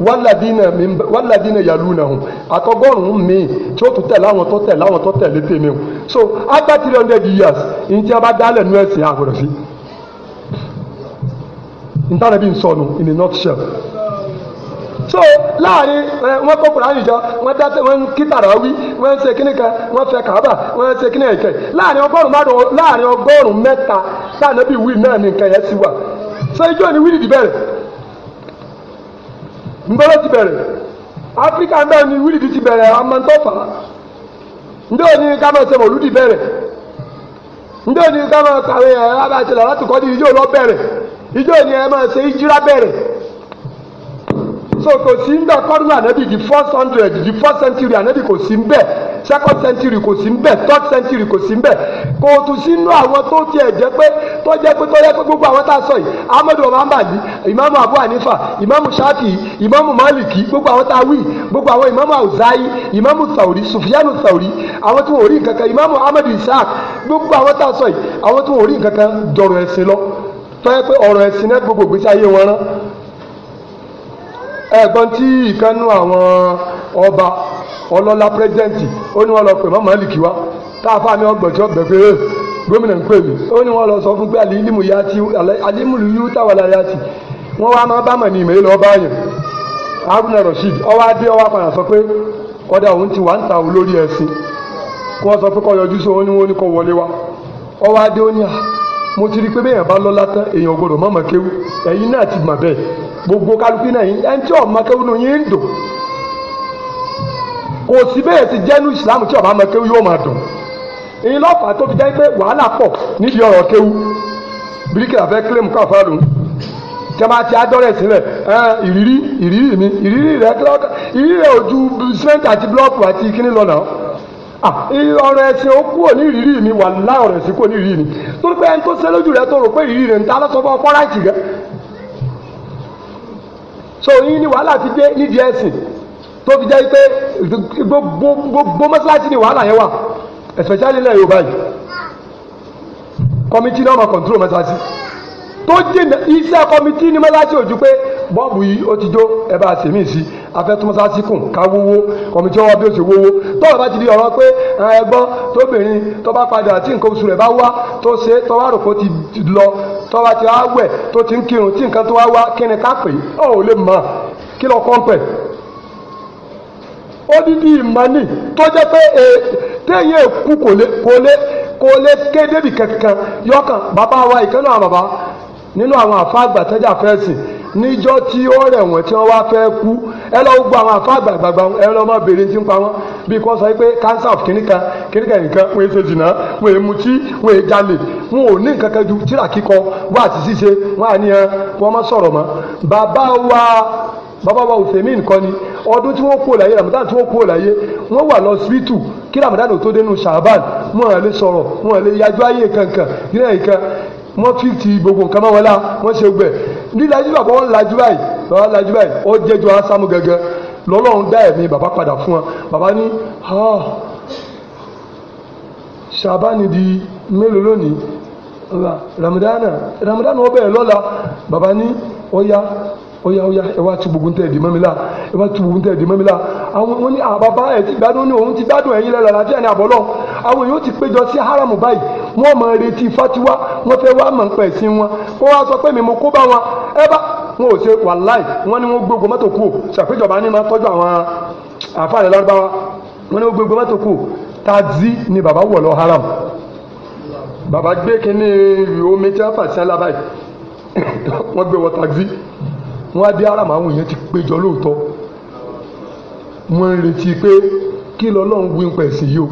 wàlàdínà yàlúnàhùn àtọgọ́rùn-ún mi tí ó tún tẹ̀lé àwọn tó tẹ̀lé àwọn tó tẹ̀lé tèmi o so after three hundred years ní tí a bá dálẹ̀ nú ẹ̀sìn àgọ̀rọ̀ sí ntàrà bí n sọnù in a nutshell so láàrin ẹ wọn kó kura àyíjọ wọn dá wọn kí tàràwí wọn ṣe kíní kan wọn fẹ kàábà wọn ṣe kíní ẹkẹ láàrin ọgọ́rùn márùn láàrin ọgọ́rùn mẹ́ta sáà nàbí wíì náà ní nǹkan yẹn ti wà so ijó ni wíì dì bẹ̀rẹ̀ nbọ́lọ́ ti bẹ̀rẹ̀ áfíríkà ń bẹ̀rẹ̀ ni wíìlì ti bẹ̀rẹ̀ amantọ́fà ndé òní ká máa ṣe mọ̀lúdì bẹ̀rẹ̀ ndé òní ká máa kàwé ẹ̀ abàtìlá láti kọ́ di ijó lọ bẹ̀rẹ̀ ijó ni ẹ máa ṣe ìjírá bẹ̀rẹ̀ so kò sí nbẹ kọdún ànábì di first hundred di first century ànábì kò sí nbẹ second century kò sí nbẹ third century kò sí nbẹ kò tún sínú àwọn tó tiẹ̀ jẹ́ pé tó jẹ́ pé tó yẹ pé gbogbo àwọn tá a sọ yìí amadu ọmọbàlì ìmáàmù abu hanifa ìmáàmù shafi ìmáàmù maliki gbogbo àwọn tá a wí gbogbo àwọn ìmáàmù awuzayi ìmáàmù sauri sufiyanu sauri àwọn tó wò rí nǹkankan ìmáàmù amadu isaac gbogbo àwọn tá a sọ yìí àwọn tó wò rí nǹkankan dọ̀rọ̀ ẹ̀sìn lọ tó yẹ pé ọ̀rọ̀ ẹ̀sìn náà gbogbo gbèsè ayé wọn rán ẹ̀gbọ́n tí ìkànnú àwọn ọba ọlọ́lá pírẹ́sidẹ́ǹtì ó ní wọ́n lọ pè mọ́mọ́ ẹ̀lìkì wá táàfà mi ọgbọ̀n tí ọgbẹ̀ fèrè gómìnà ń pè mí ó ní wọ́n lọ sọ fún pé alimu ya ti alimu yu táwàlá ya ti wọ́n wá máa bá mọ̀ ní ìmọ̀ ìlọ́ba yẹn haruna rasheed ọwọ́ adé ọwọ́ apàyàn sọ pé ọ̀dà òun ti wà ń ta òun lórí ẹ̀sìn kí wọ́n sọ pé kọ́ yọjú sí òun ni wọ́n ní kọ́ wọlé wa ọwọ́ adé ó ní à ah, mo ti rí i pé bẹ́ẹ̀ bá lọ́lá tán èèyàn gbọ́dọ̀ mọ̀mọ́ kéwú ẹ̀yin náà ti mọ̀ bẹ́ẹ̀ gbogbo kálukú náà yín ẹni tí ọ̀mọ kéwú nù yín ń dùn kò sí bẹ́ẹ̀ ti jẹ́ ní Islam tí ọ̀mọ ọmọ kéwú yóò máa dùn èyí lọ́fà tó fi jẹ́ pé wàhálà pọ̀ níbi ọ̀rọ̀ kéwú bíríkìlà fẹ́ kílẹ̀mù káfá lòun tẹ́lá ti adọ́rẹ̀ sílẹ̀ ìrírí ìrírí mi ìrírí rẹ̀ ìrírí rẹ̀ ojú Ah, ọ̀rọ̀ ẹ̀sìn ó kúrò ní ìrírí mi wà láì ọ̀rọ̀ ẹ̀sìn kúrò ní ìrírí mi torí pé ẹni tó ṣe lójú rẹ tó rò pé ìrírí rẹ ń ta lọ́sọ̀ fún ọkọ láìsí rẹ. so yín ni wàhálà ti dé nídìí ẹ̀sìn tó fi jẹ́ pé gbogbo mọ́ṣáláṣí ni wàhálà yẹn wà especially ilẹ̀ Yorùbá yìí kọ́mítì náà máa control mọ́ṣáláṣí tó jìnnà iṣẹ́ kọ́mítì ní mọ́ṣáláṣí ò ju pé bọ́ọ̀bù yìí ó ti jó ẹ bá a sèmí sí i afẹ́túmọ́sásí kùn ká wówó kọ̀mìtì ọwọ́ bí ó ṣe wówó tó o bá ti di ọ̀rọ̀ pé ẹgbọ́n tóbìnrin tó bá padà tí nǹkan oṣù rẹ̀ bá wá tó ṣe tó wá rò pé ó ti lọ tó bá ti wá wẹ̀ tó ti ń kírun tí nǹkan tó wá wá kí ni ká pè é ò lè mọ̀ kí lọ kọ́ńpẹ̀ odidi ìmọ̀ni tó jẹ́ pé téèyàn èkú kò lè kò lè kò lè ké débi kankan yọkàn bàbá wa ìkànnì àwọn bàbá nínú àwọn àfa tẹ́jà fẹ́ẹ̀sì níjọ́ tí ó rẹ̀ wọ́n tí wọ́n wá fẹ́ kú ẹ lọ gbọ́ àwọn àfa àgbàgbà ẹ lọ máa béèrè tí ń bí kò sọ pé cancer of kìnìkan kìnìkan nìkan wọ́n ṣe jìnnà wọ́n èmu tí wọ́n jalè wọ́n ò ní nǹkan kan ju tíra kíkọ wọ́n àti ṣíṣe wọ́n àníyàn wọ́n má sọ̀rọ̀ mọ́ bàbá wa bàbá wa òfèmí nǹkan ni ọdún tí wọ́n kú òláyé ramadan tí wọ́n kú òláyé wọ́n wà lọ síbítù kí ramadan ò tó dénú ṣàbàn wọ́n lè sọ̀rọ̀ wọ́n lè yájú ayé kankan nílẹ̀ nǹkan wọ́n fíìtì gbogbo nǹkan máa wọlé wọ́n ṣe gbẹ lílajú bàbá wọn lajú báyìí bàbá lajú báyìí ó jẹjọ asámu gẹ́gẹ́ lọ́lọ́run dá ẹ̀mí bàbá padà fún wọn bàbá ní ṣàbáni di mélòó lónìí ramadana ramadana ó bẹ̀rẹ̀ lọ́la bàbá ní ọ̀ya ọ̀ya ọ̀ya ẹ wá tu gbogbo ntẹ̀ di mọ́mílá ẹ wá tu gbogbo ntẹ̀ di mọ́mílá àwọn wọn ní àbábá ẹ̀ ti gbádùn ní òun ti gbádùn ẹ̀yìn lẹ́la àlàáfíà ní àbọ̀lọ́ àwọn èèyàn ti péjọ sí haramu báyìí wọ́n mọ retí fatiwa wọ́n fẹ́ wá mọ̀ nípa ẹ̀sìn wọn kó wá sọ pé mi mo kó bá wọn ẹ bá wọn ò ṣe wàláì wọ́n ní wọ́n gbogbo mọ́tò kù ṣàpéjọba ní máa tọ́jú àwọn àfààní lárúbáwá wọ́n ní wọ́n gbogbo mọ́tò kù tazi ni baba wọ̀ lọ haram bàbá gbé kínní omi tí wọ́n fà sí alábàá yìí [coughs] wọ́n gbé wọ tazi wọ́n á dé haram àwọn èèyàn ti péjọ lóòótọ́ wọ́n retí pé kí lọ́lọ́run wí ń pẹ̀sìn yìí o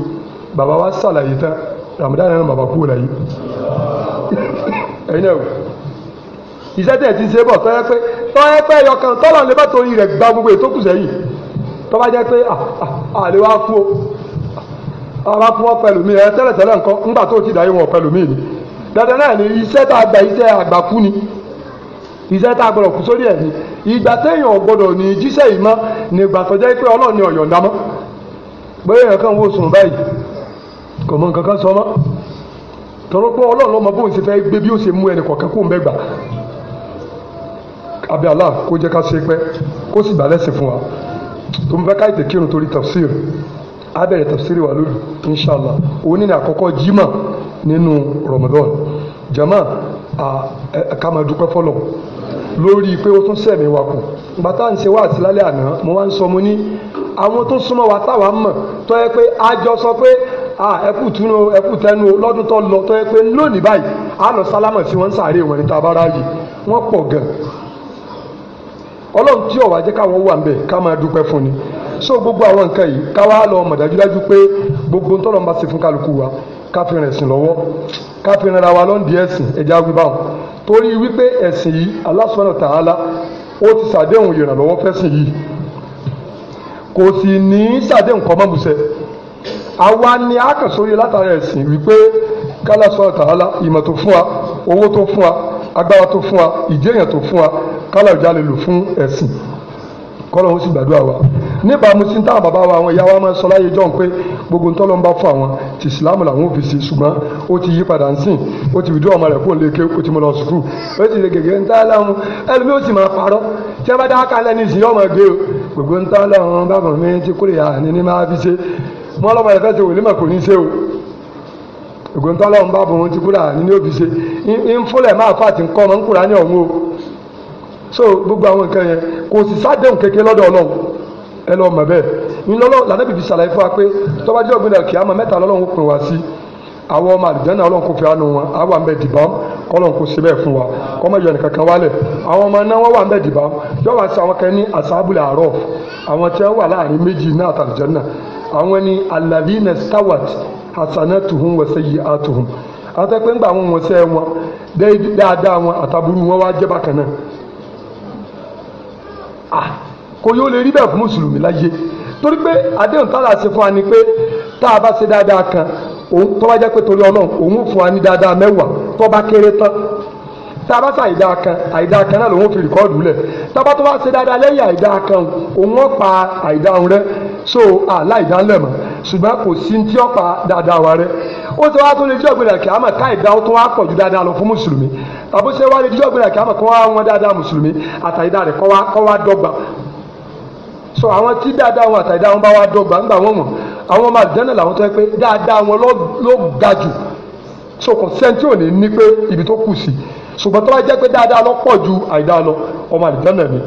bàbá wa ṣàlàyé tán ramadan náà bàbá kú láyé ẹ̀yin náà iṣẹ́ tẹ̀ ti ṣe bọ̀ tọ́yẹ pé tọ́yẹ pé ẹyọkan tọ́lọ̀ lè bá torí rẹ̀ gba gbogbo ètò kù sẹ́yìn tó bá jẹ́ pé àlè wa kú o ọba kú wọn pẹ̀lú mi ẹ tẹ́lẹ̀ tẹ́lẹ̀ nǹkan ńgbà tó ti dàyé wọn pẹ̀lú mi ni dandan náà ni iṣẹ́ tá a gba iṣẹ́ àgbà kú ni iṣẹ́ tá a gbọ́dọ̀ kú sórí ẹ̀ ni ìgbà téèyàn gbọ́dọ̀ ní jíṣẹ́ yìí mọ́ nígbà tó jẹ́ pé Ọlọ́run ni ọ̀yọ̀ǹda mọ́ bóyá èèyàn kàn wò sùn báyìí kò mọ nǹkan kan sọ mọ́ tọrọ pé ọlọ́run ọmọ bóun ṣe fẹ́ gbé bí ó ṣe mú ẹnì kọ̀ọ̀kan kó ń bẹ́ gbà abẹ́ Allah kó jẹ́ ká ṣe pẹ́ kó sì gbà lẹ́sìn fún wa tó ń fẹ́ ká ètè kírun torí tafsir á tafsir wa lórí inshallah òun ní àkọ́kọ́ jimá nínú Ramadan jama ká máa dúpẹ́ fọlọ́ lórí pé ó tún sẹ̀mí wa kù ìgbà tá à ń ṣe wá àtìlálẹ́ àná mo wá ń sọ mo ní àwọn tó súnmọ́ wa táwa mọ̀ tó yẹ pé a sọ pé ẹkú túnú ẹkú tẹnu lọ́dún tó lọ tó yẹ pé lónìí báyìí àlọ́ sálámà tí ń sàárè wọn níta gan ọlọ́run tí ọ̀wá jẹ́ káwọn wà ńbẹ̀ ká máa dúpẹ́ ni so gbogbo àwọn nǹkan yìí ká lọ gbogbo ntọ́nà bá fun fún kálukú wa lowo rìn ẹ̀sìn lọ́wọ́ ká rìn ra wa lọ́ndì ẹ̀sìn ẹ̀já torí wípé ẹ̀sìn yìí ó ti ìrànlọ́wọ́ fẹ́sìn yìí kò sì ní awa ni a kàn sórí látara ẹ̀sìn wípé kálá sọ̀rọ̀ tààlà ìmọ̀ tó fún wa owó tó fún wa agbára tó fún wa ìdí èèyàn tó fún wa kálá ìjà lè lò fún ẹ̀sìn kọ́lọ́hún sì gbàdúrà wa bàbá wa àwọn ìyá wa máa sọ láyé gbogbo ń tọ́lọ́ ń àwọn ti ìsìláàmù làwọn ò fi ṣe ṣùgbọ́n ó ti yí padà ń sìn ó ti ọmọ rẹ̀ ó ti lọ ó a bá dá o ti mo lọ́mọ ẹ̀fẹ́ ṣe wòlímọ̀ kò ní ṣe o ògùntàn lọ́wọ́n bá bọ̀ wọn ti kúrà òbí ṣe ń fúnlẹ̀ máa fà tí ń kọ́ ń ní ọ̀hún o so gbogbo àwọn nǹkan yẹn kò sì sádẹ́hùn kékeré lọ́dọ̀ ọlọ́run ẹ lọ mọ̀ bẹ́ẹ̀ ńlọ́lọ́ lànàbì fi ṣàlàyé fún wa pé tọ́bajẹ́ ògbìn náà àwọn ọmọ àlùjànnà wọn àwọn àmì ẹ̀dìbọn àwọn ni aladina stawat hasanatuhum wa sayyiatuhum àtẹ́pẹ́ ńgbà àwọn wọ̀nsẹ́ wọn dáadáa wọn àtàbúrú wọn wá jẹ́ bákan náà kò yóò lè rí bẹ́ẹ̀ fún mùsùlùmí láyé torí pé àdéhùn tá a là ṣe fún wa ni pé tá a bá ṣe dáadáa kan òun pé torí ọlọ́run òun fún wa ní dáadáa mẹ́wàá tó kéré tán tába sa àìdá kan àìdá kan náà lòun fi rìkọ́ọ̀dù lẹ̀ tába tó bá ṣe dáadáa lẹ́yìn kan òun wọ́n pa àìdá òun rẹ́ so àláìdá ńlẹ̀ mọ́ ṣùgbọ́n kò sí ní tí pa dáadáa wa rẹ́ ó ti wá tó lè jọ́ gbèrè kíámà káìdá ó tó wá pọ̀ ju dáadáa lọ fún mùsùlùmí tàbí ṣe wá lè jọ́ gbèrè kíámà kó wá wọn dáadáa mùsùlùmí àtàìdá rẹ̀ kó wá dọ́gba so àwọn tí dáadáa wọn àtàìdá wọn bá wá dọ́gba ńgbà wọn mọ̀ àwọn ọmọ àdìjẹ́nà làwọn tó yẹ pé dáadáa so kò sẹ́ńtì ò ní ní ṣùgbọ́n tó bá jẹ́ pé dáadáa lọ pọ̀ ju àìdáa lọ ọmọ àlùjànnà ni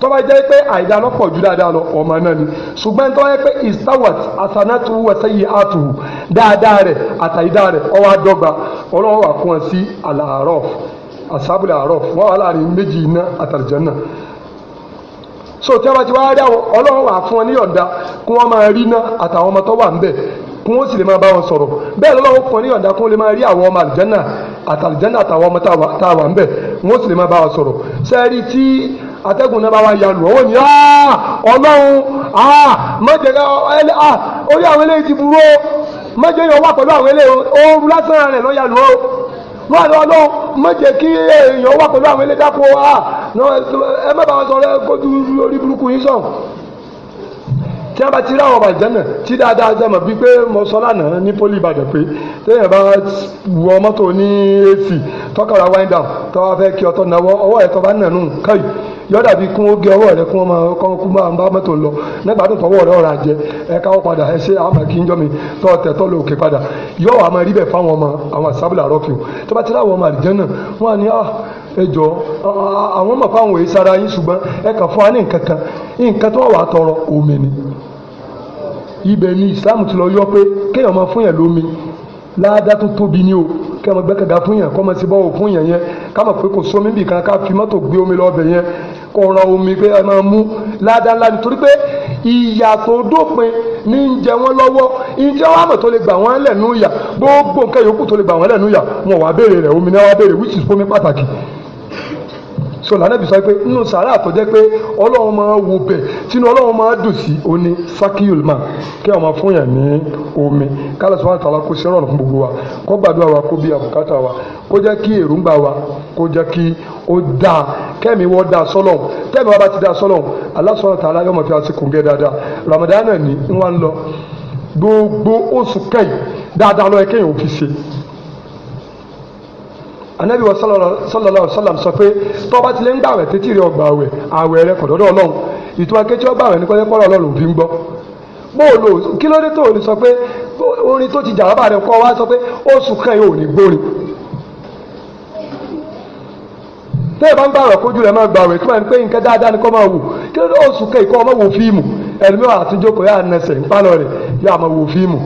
tó bá jẹ́ pé àìdáa lọ pọ̀ ju dáadáa lọ ọmọ náà ni ṣùgbọ́n tó bá jẹ́ pé ìsáwàt àsánátù wẹ̀sẹ̀yì àtùwù dáadáa rẹ̀ àtàìdáa rẹ̀ ọwọ́ àdọ́gba ọlọ́wọ́ wà fún wọn sí àlàárọ̀ àsábùlẹ̀ àárọ̀ wọ́n wà láàrin méjì iná àtàlùjànnà so tí wọ́n bá ti wá rí àwọn ọlọ́wọ́ wà fún wọn níyọ̀ǹda kí wọ́n máa rí iná àtàwọn ọmọ tó wà ń bẹ̀ kún ó sì lè máa bá wọn sọ̀rọ̀ bẹ́ẹ̀ lọ́lọ́run fún ní ọ̀dà kún ó lè máa rí àwọn ọmọ àlùjánà àtàlùjánà àtàwọn ọmọ tá a wà ń bẹ̀ wọn ó sì lè máa bá wọn sọ̀rọ̀ sẹ́ẹ̀rí tí atẹ́gùn náà bá wá yalù ọwọ́ ni ọlọ́run mọ̀jẹ̀gẹ́ orí àwọn eléyìí ti burú o mọ̀jẹ̀ yẹn wà pẹ̀lú àwọn eléyìí ooru lásán rẹ̀ lọ́ yalù o wọ́n àná ọlọ́run mọ̀jẹ̀ kí èèyàn wà pẹ̀lú àwọn eléyìí dákú ẹ má bá sọ̀rọ̀ ẹ kójú orí burúkú yín sàn tí a bá ti rí àwọn ọmọ àjẹ́ náà tí dáadáa jẹ́ mọ̀ bíi pé mo sọ lánàá ní poli ìbàdàn pé téèyàn bá wọ mọ́tò ní ac tọ́kàrà wind down tọ́wọ́ fẹ́ kí ọtọ́ náwó ọwọ́ ẹ̀ tọ́ bá nà nù káyìí yọ dàbí kún ó gé ọwọ́ rẹ kún ọmọ kọ́ kú máa ń bá mọ́tò lọ nígbà tó fọwọ́ rẹ ọ̀rà jẹ ẹ káwọ́ padà ẹ ṣe àmọ́ kí n jọ mi tọ́ tẹ̀ tọ́ lóòkè padà yọ wà máa fáwọn ọmọ àwọn àṣàbùlà tó bá ti ọmọ wọn ah, ẹ jọ àwọn ọmọ fáwọn èyí tọrọ omi ni ibẹ̀ ni Islam ti lọ yọ pé kéèyàn máa fún kí wọn fún yàn kọ́ sí bọ́ọ̀ fún yàn yẹn ká pé kò sómi bì kan ká fi mọ́tò gbé omi lọ́ọ̀bẹ̀ yẹn kó ran omi pé ẹ máa mú ládàlá nítorí pé ìyà dópin ní ń jẹ wọ́n lọ́wọ́ ìjẹ́ wọn àmọ̀ tó lè gbà wọ́n lẹ̀ nú ìyà gbogbo nǹkan yòókù tó lè gbà wọ́n lẹ̀ nú ìyà wọn wà béèrè rẹ̀ omi náà wà béèrè which is omi pàtàkì sọlá nàbì sọ pé nínú sàrà àtọ́jẹ́ pé ọlọ́run máa wù bẹ̀ tínú ọlọ́run máa dùn sí oní sakiyul ma kí àwọn fún yàn ní omi kálọ̀ sọ́wọ́n àtàwọn kó ṣe rọrùn fún gbogbo wa kó gbàdúrà wa kó bí àbùkátà wa kó jẹ́ kí èròǹgbà wa kó jẹ́ kí ó dáa kẹ́mi wọ́n dáa sọ́lọ̀ tẹ́mi wọ́n bá ti dáa sọ́lọ̀ Allah subhanahu wa fi àti kùn gẹ́ dáadáa Ramadan náà ni wọ́n lọ gbogbo oṣù kẹ́yìn dáadáa lọ́ọ́ kẹ́yìn ò fi ṣe anabi wa sallallahu sallam sọ pé tọ́ba tilẹ̀ ń gbàwẹ̀ títí rẹ̀ ọgbà àwẹ̀ àwẹ̀ rẹ̀ kọ̀dọ̀dọ̀ ọlọ́run ìtumọ̀ kẹ́tí ọba àwẹ̀ ní kọ́lẹ́ kọ́lọ́ ọlọ́run òfin gbọ́ bóòlù kí ló dé tó ní sọ pé orin tó ti jà lábàá rẹ̀ kọ́ wa sọ pé oṣù kan yóò ní gbórin tẹ́lẹ̀ bá ń gbàwẹ̀ kójú rẹ̀ máa gbàwẹ̀ tí wọ́n ń pè nǹkan dáadáa ni kọ́ máa wò kí ló dé oṣù kan ìkọ́ ọmọ wò fíìmù ẹ̀lùmí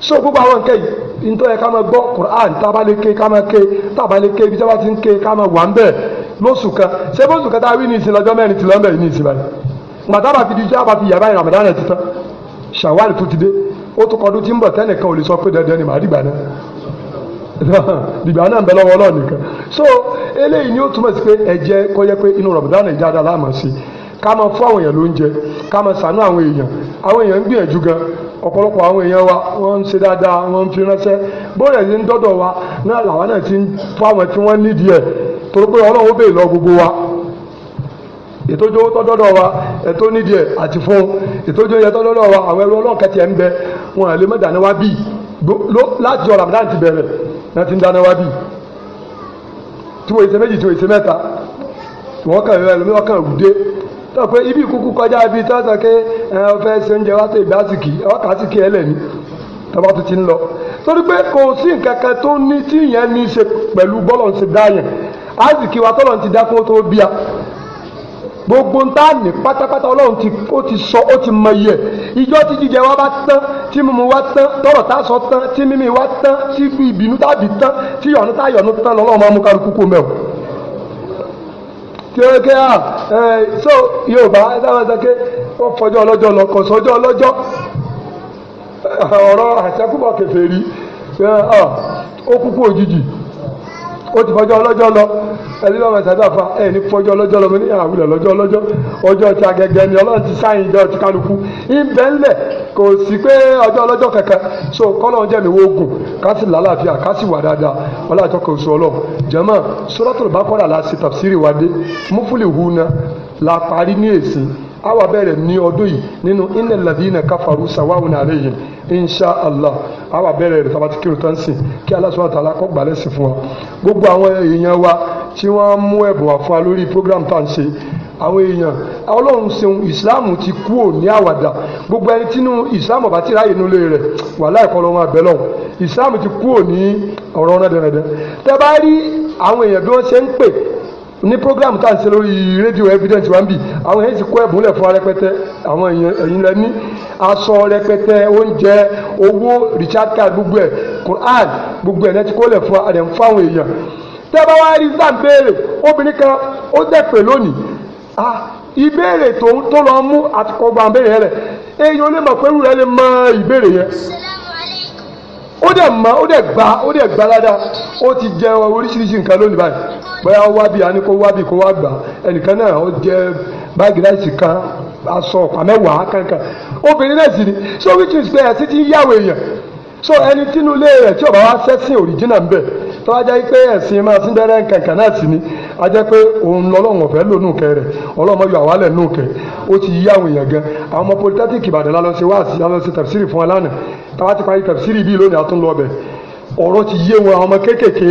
so gbogbo àwọn nǹkan yìí nítorí ẹ ká máa gbọ́ Quran tábàlékè ká máa ké tábàlékè ibi tí wọ́n ti ń ké ká máa wà ń bẹ̀ lóṣù kan ṣé bóṣù kan tá a wí ní ìsìn lọ́jọ́ mẹ́rin tìlọ́ mẹ́rin ní ìsìn báyìí gbàtà bá fi di jẹ́ àbàtì yàrá ìràmàdánà ti tán ṣàwárì tó ti dé ó tún kọdún tí ń bọ̀ tẹ́nìkan ò lè sọ pé dandan ni màá dìgbà náà [laughs] dìgbà náà ń bẹ lọ́wọ́ ọlọ́ọ̀ nìkan so eléyìí ni ó túmọ̀ sí pé ẹ̀jẹ̀ kọ́ yẹ pé inú rọ̀bùdánà ìjáda láàmú sí ká máa fún àwọn èèyàn lóúnjẹ ká máa sànú àwọn èèyàn àwọn èèyàn ń gbìyànjú gan ọ̀pọ̀lọpọ̀ àwọn èèyàn wa wọ́n ń ṣe dáadáa wọ́n ń fi ránṣẹ́ bóyá yìí ń dọ́dọ̀ wa náà làwa náà ti ń fáwọn tí wọ́n nídìí ẹ̀ torí pé ọlọ́run ó bèè lọ gbogbo wa ìtọ́jú owó tọ́dọ́dọ̀ wa ẹ̀tọ́ nídìí ẹ̀ àti fún ìtọ́jú ẹ̀yẹ tọ́dọ́dọ̀ wa àwọn ẹrú ọlọ́run kẹtì ẹ̀ ń bẹ wọn àlè mọ́ dáná wá bì láti ọ̀rọ̀ àbúdá ti bẹ̀rẹ̀ náà ti ń dáná wá bì tí wọ́n ìṣe méjì tí wọ́n ìṣe mẹ́ta wọ́n kàn ẹ̀rọ ẹlòmíràn kàn rúdé sọ pé ibi kúkú kọjá ibi tó sọ pé ẹ ọ fẹ́ ṣe oúnjẹ wá sí ìgbà àsìkì ọ kà á sì kí ẹ lẹ́nu tọ́ba tó ti ń lọ. torí pé kò sí nǹkan kan tó ní tí ìyẹn ní í ṣe pẹ̀lú bọ́lọ̀ ṣe dá yẹn àsìkì wa tọ́lọ̀ ti dá kó tó bí a. gbogbo ń tá ní pátápátá ọlọ́run ti ó ti sọ ó ti mọ iye ìjọ tí jíjẹ wa bá tán tí mímu wa tán tọ́rọ̀ tá sọ tán tí mímí wa tán tí ìbínú tàbí tán tí yọ̀nù tá yọ̀nù tán lọ́lọ́run kí ó kí á ah, ẹ so yorùbá dábàá sọ pé wọ́n fọjọ́ ọlọ́jọ́ lọ kò sọjọ́ ọlọ́jọ́ ọ̀rọ̀ àṣẹkùbọ̀ kẹfẹ́ rí ah, ó kúkú òjijì ó ti fọjọ́ ọlọ́jọ́ lọ ẹni bá ma ṣàdúrà fún wa ẹ ní fọjọ́ ọlọ́jọ́ lọ mo ní àwùlẹ̀ lọ́jọ́ ọlọ́jọ́ ọjọ́ ti agẹgẹ ni ọlọ́run ti sáyìn ìjọ ti kálukú ibẹ̀ ńlẹ̀ kò sí pé ọjọ́ ọlọ́jọ́ kankan so kọ́lọ́run jẹ́ mi wo oògùn ká sì lálàáfíà ká sì wà dáadáa wọ́n láti ọkọ̀ oṣù ọlọ́run jẹ́mọ́ suratul Baqara la ṣe tafsiri wa dé mufuli huna la parí ní èsì a wá bẹ̀rẹ̀ ní ọdún yìí nínú innal ladhina kafaru sawa'un alayhim insha allah a wá bẹ̀rẹ̀ rẹ̀ tabati kiri tán sìn kí Allah subhanahu wa ta'ala kó fún wa gbogbo àwọn èèyàn wa tí wọ́n mú ẹ̀bùn wá fún program tá à ń ṣe àwọn èèyàn ọlọ́run ṣeun ìsìláàmù ti kú ò ní àwàdà gbogbo ẹni tínú ìsìláàmù ọ̀bá tí ráàyè nílé rẹ̀ wà láìkọ́ lọ́wọ́ abẹ́ lọ́wọ́ ìsìláàmù ti kú ò ní ọ̀rọ̀ rẹ̀ dẹ̀rẹ̀dẹ̀ tẹ́ bá rí àwọn èèyàn bí wọ́n ṣe ń pè ní programu tá à ń ṣe lórí rédíò evidence wa ń bì àwọn èyí sì kó ẹ̀bùn lẹ̀ fún arẹpẹtẹ àwọn èèyàn ẹ̀yìn lẹ ní aṣọ rẹpẹtẹ oúnjẹ owó richard card gbogbo ẹ̀ quran gbogbo ẹ̀ lẹ́tí kó lẹ̀ fún ẹ̀ ń fáwọn èèyàn tẹ́ bá wá rí sáà béèrè obìnrin kan ó dẹ̀pẹ̀ lónìí ah ìbéèrè tó ń tó lọ mú àtikọ̀gbọ̀n àbẹ̀rẹ̀ rẹ̀ èèyàn lè mọ̀ pẹ̀lú rẹ̀ lè mọ ìbéèrè yẹn. ó dẹ̀ mọ ó dẹ̀ gba ó dẹ̀ ó ti jẹ oríṣiríṣi nǹkan lónìí báyìí bóyá ó wá bí a ní kó wá bí kó wá gbà ẹnìkan náà ó jẹ báàgì ráìsì kan aṣọ kankan obìnrin náà sì ni so which is pé ẹ̀sìn ti ń yàwó èèyàn so ẹni tínú ilé rẹ̀ tí se, wa sẹ́sìn òrìjínà ń bẹ̀ tó wá si, pé ẹ̀sìn máa sí bẹ́rẹ̀ kankan ni a jẹ́ pé òun lọ́lọ́run ọ̀fẹ́ lò nù kẹ́ rẹ̀ ọlọ́mọ yọ àwálẹ̀ nù kẹ́ ó ti yí àwọn èèyàn gan àwọn ọmọ polytechnic Ìbàdàn la lọ sí wáàsí la lọ sí tafsiri fún wa táwa ti parí tafsiri bíi lónìí àtúnlọ ọbẹ̀ ọ̀rọ̀ ti yé wọn àwọn ọmọ kéékèèké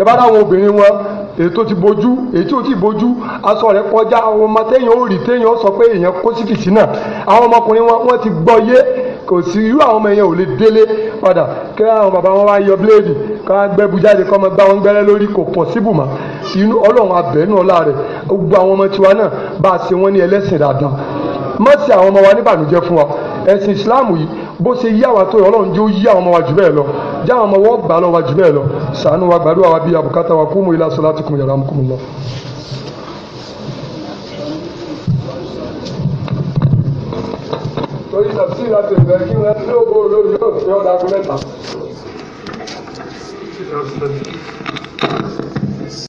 ẹ bá dáwọn obìnrin wọn èyí tó ti bojú èyí tí ò ti bojú aṣọ rẹ̀ kọjá àwọn ọmọ téèyàn ó rí téèyàn ó sọ pé èèyàn kó sí fìtínà àwọn ọmọkùnrin wọn wọn ti gbọ́ yé kò sí irú àwọn ọmọ yẹn ò lè délé padà kí àwọn bàbá wọn wá yọ bíléèdì kí wọn gbẹ bu jáde kí wọn gbá wọn gbẹrẹ lórí kò possible mà inú ọlọ́run abẹ́nú ọlá rẹ̀ gbogbo àwọn ọmọ tiwa náà bá a ṣe wọ́n ní ẹlẹ́sìn dáadáa má ṣe àwọn ọmọ wa níbànújẹ́ fún wa ẹ̀sìn ìsìláàmù yìí bó ṣe yá wa tó ọlọ́run jẹ́ yí àwọn ọmọ wa jù bẹ́ẹ̀ lọ jẹ́ àwọn ọmọ wọ́n gbà lọ wa jù bẹ́ẹ̀ lọ ṣàánú wa gbàdúrà wa bíi àbùkátà wa kúmù ilá salatikum yarhamukumullah. torí tàbí láti bẹ̀rẹ̀ kí wọ́n ní ògbó olórí yóò fi ọ̀dà fún mẹ́ta.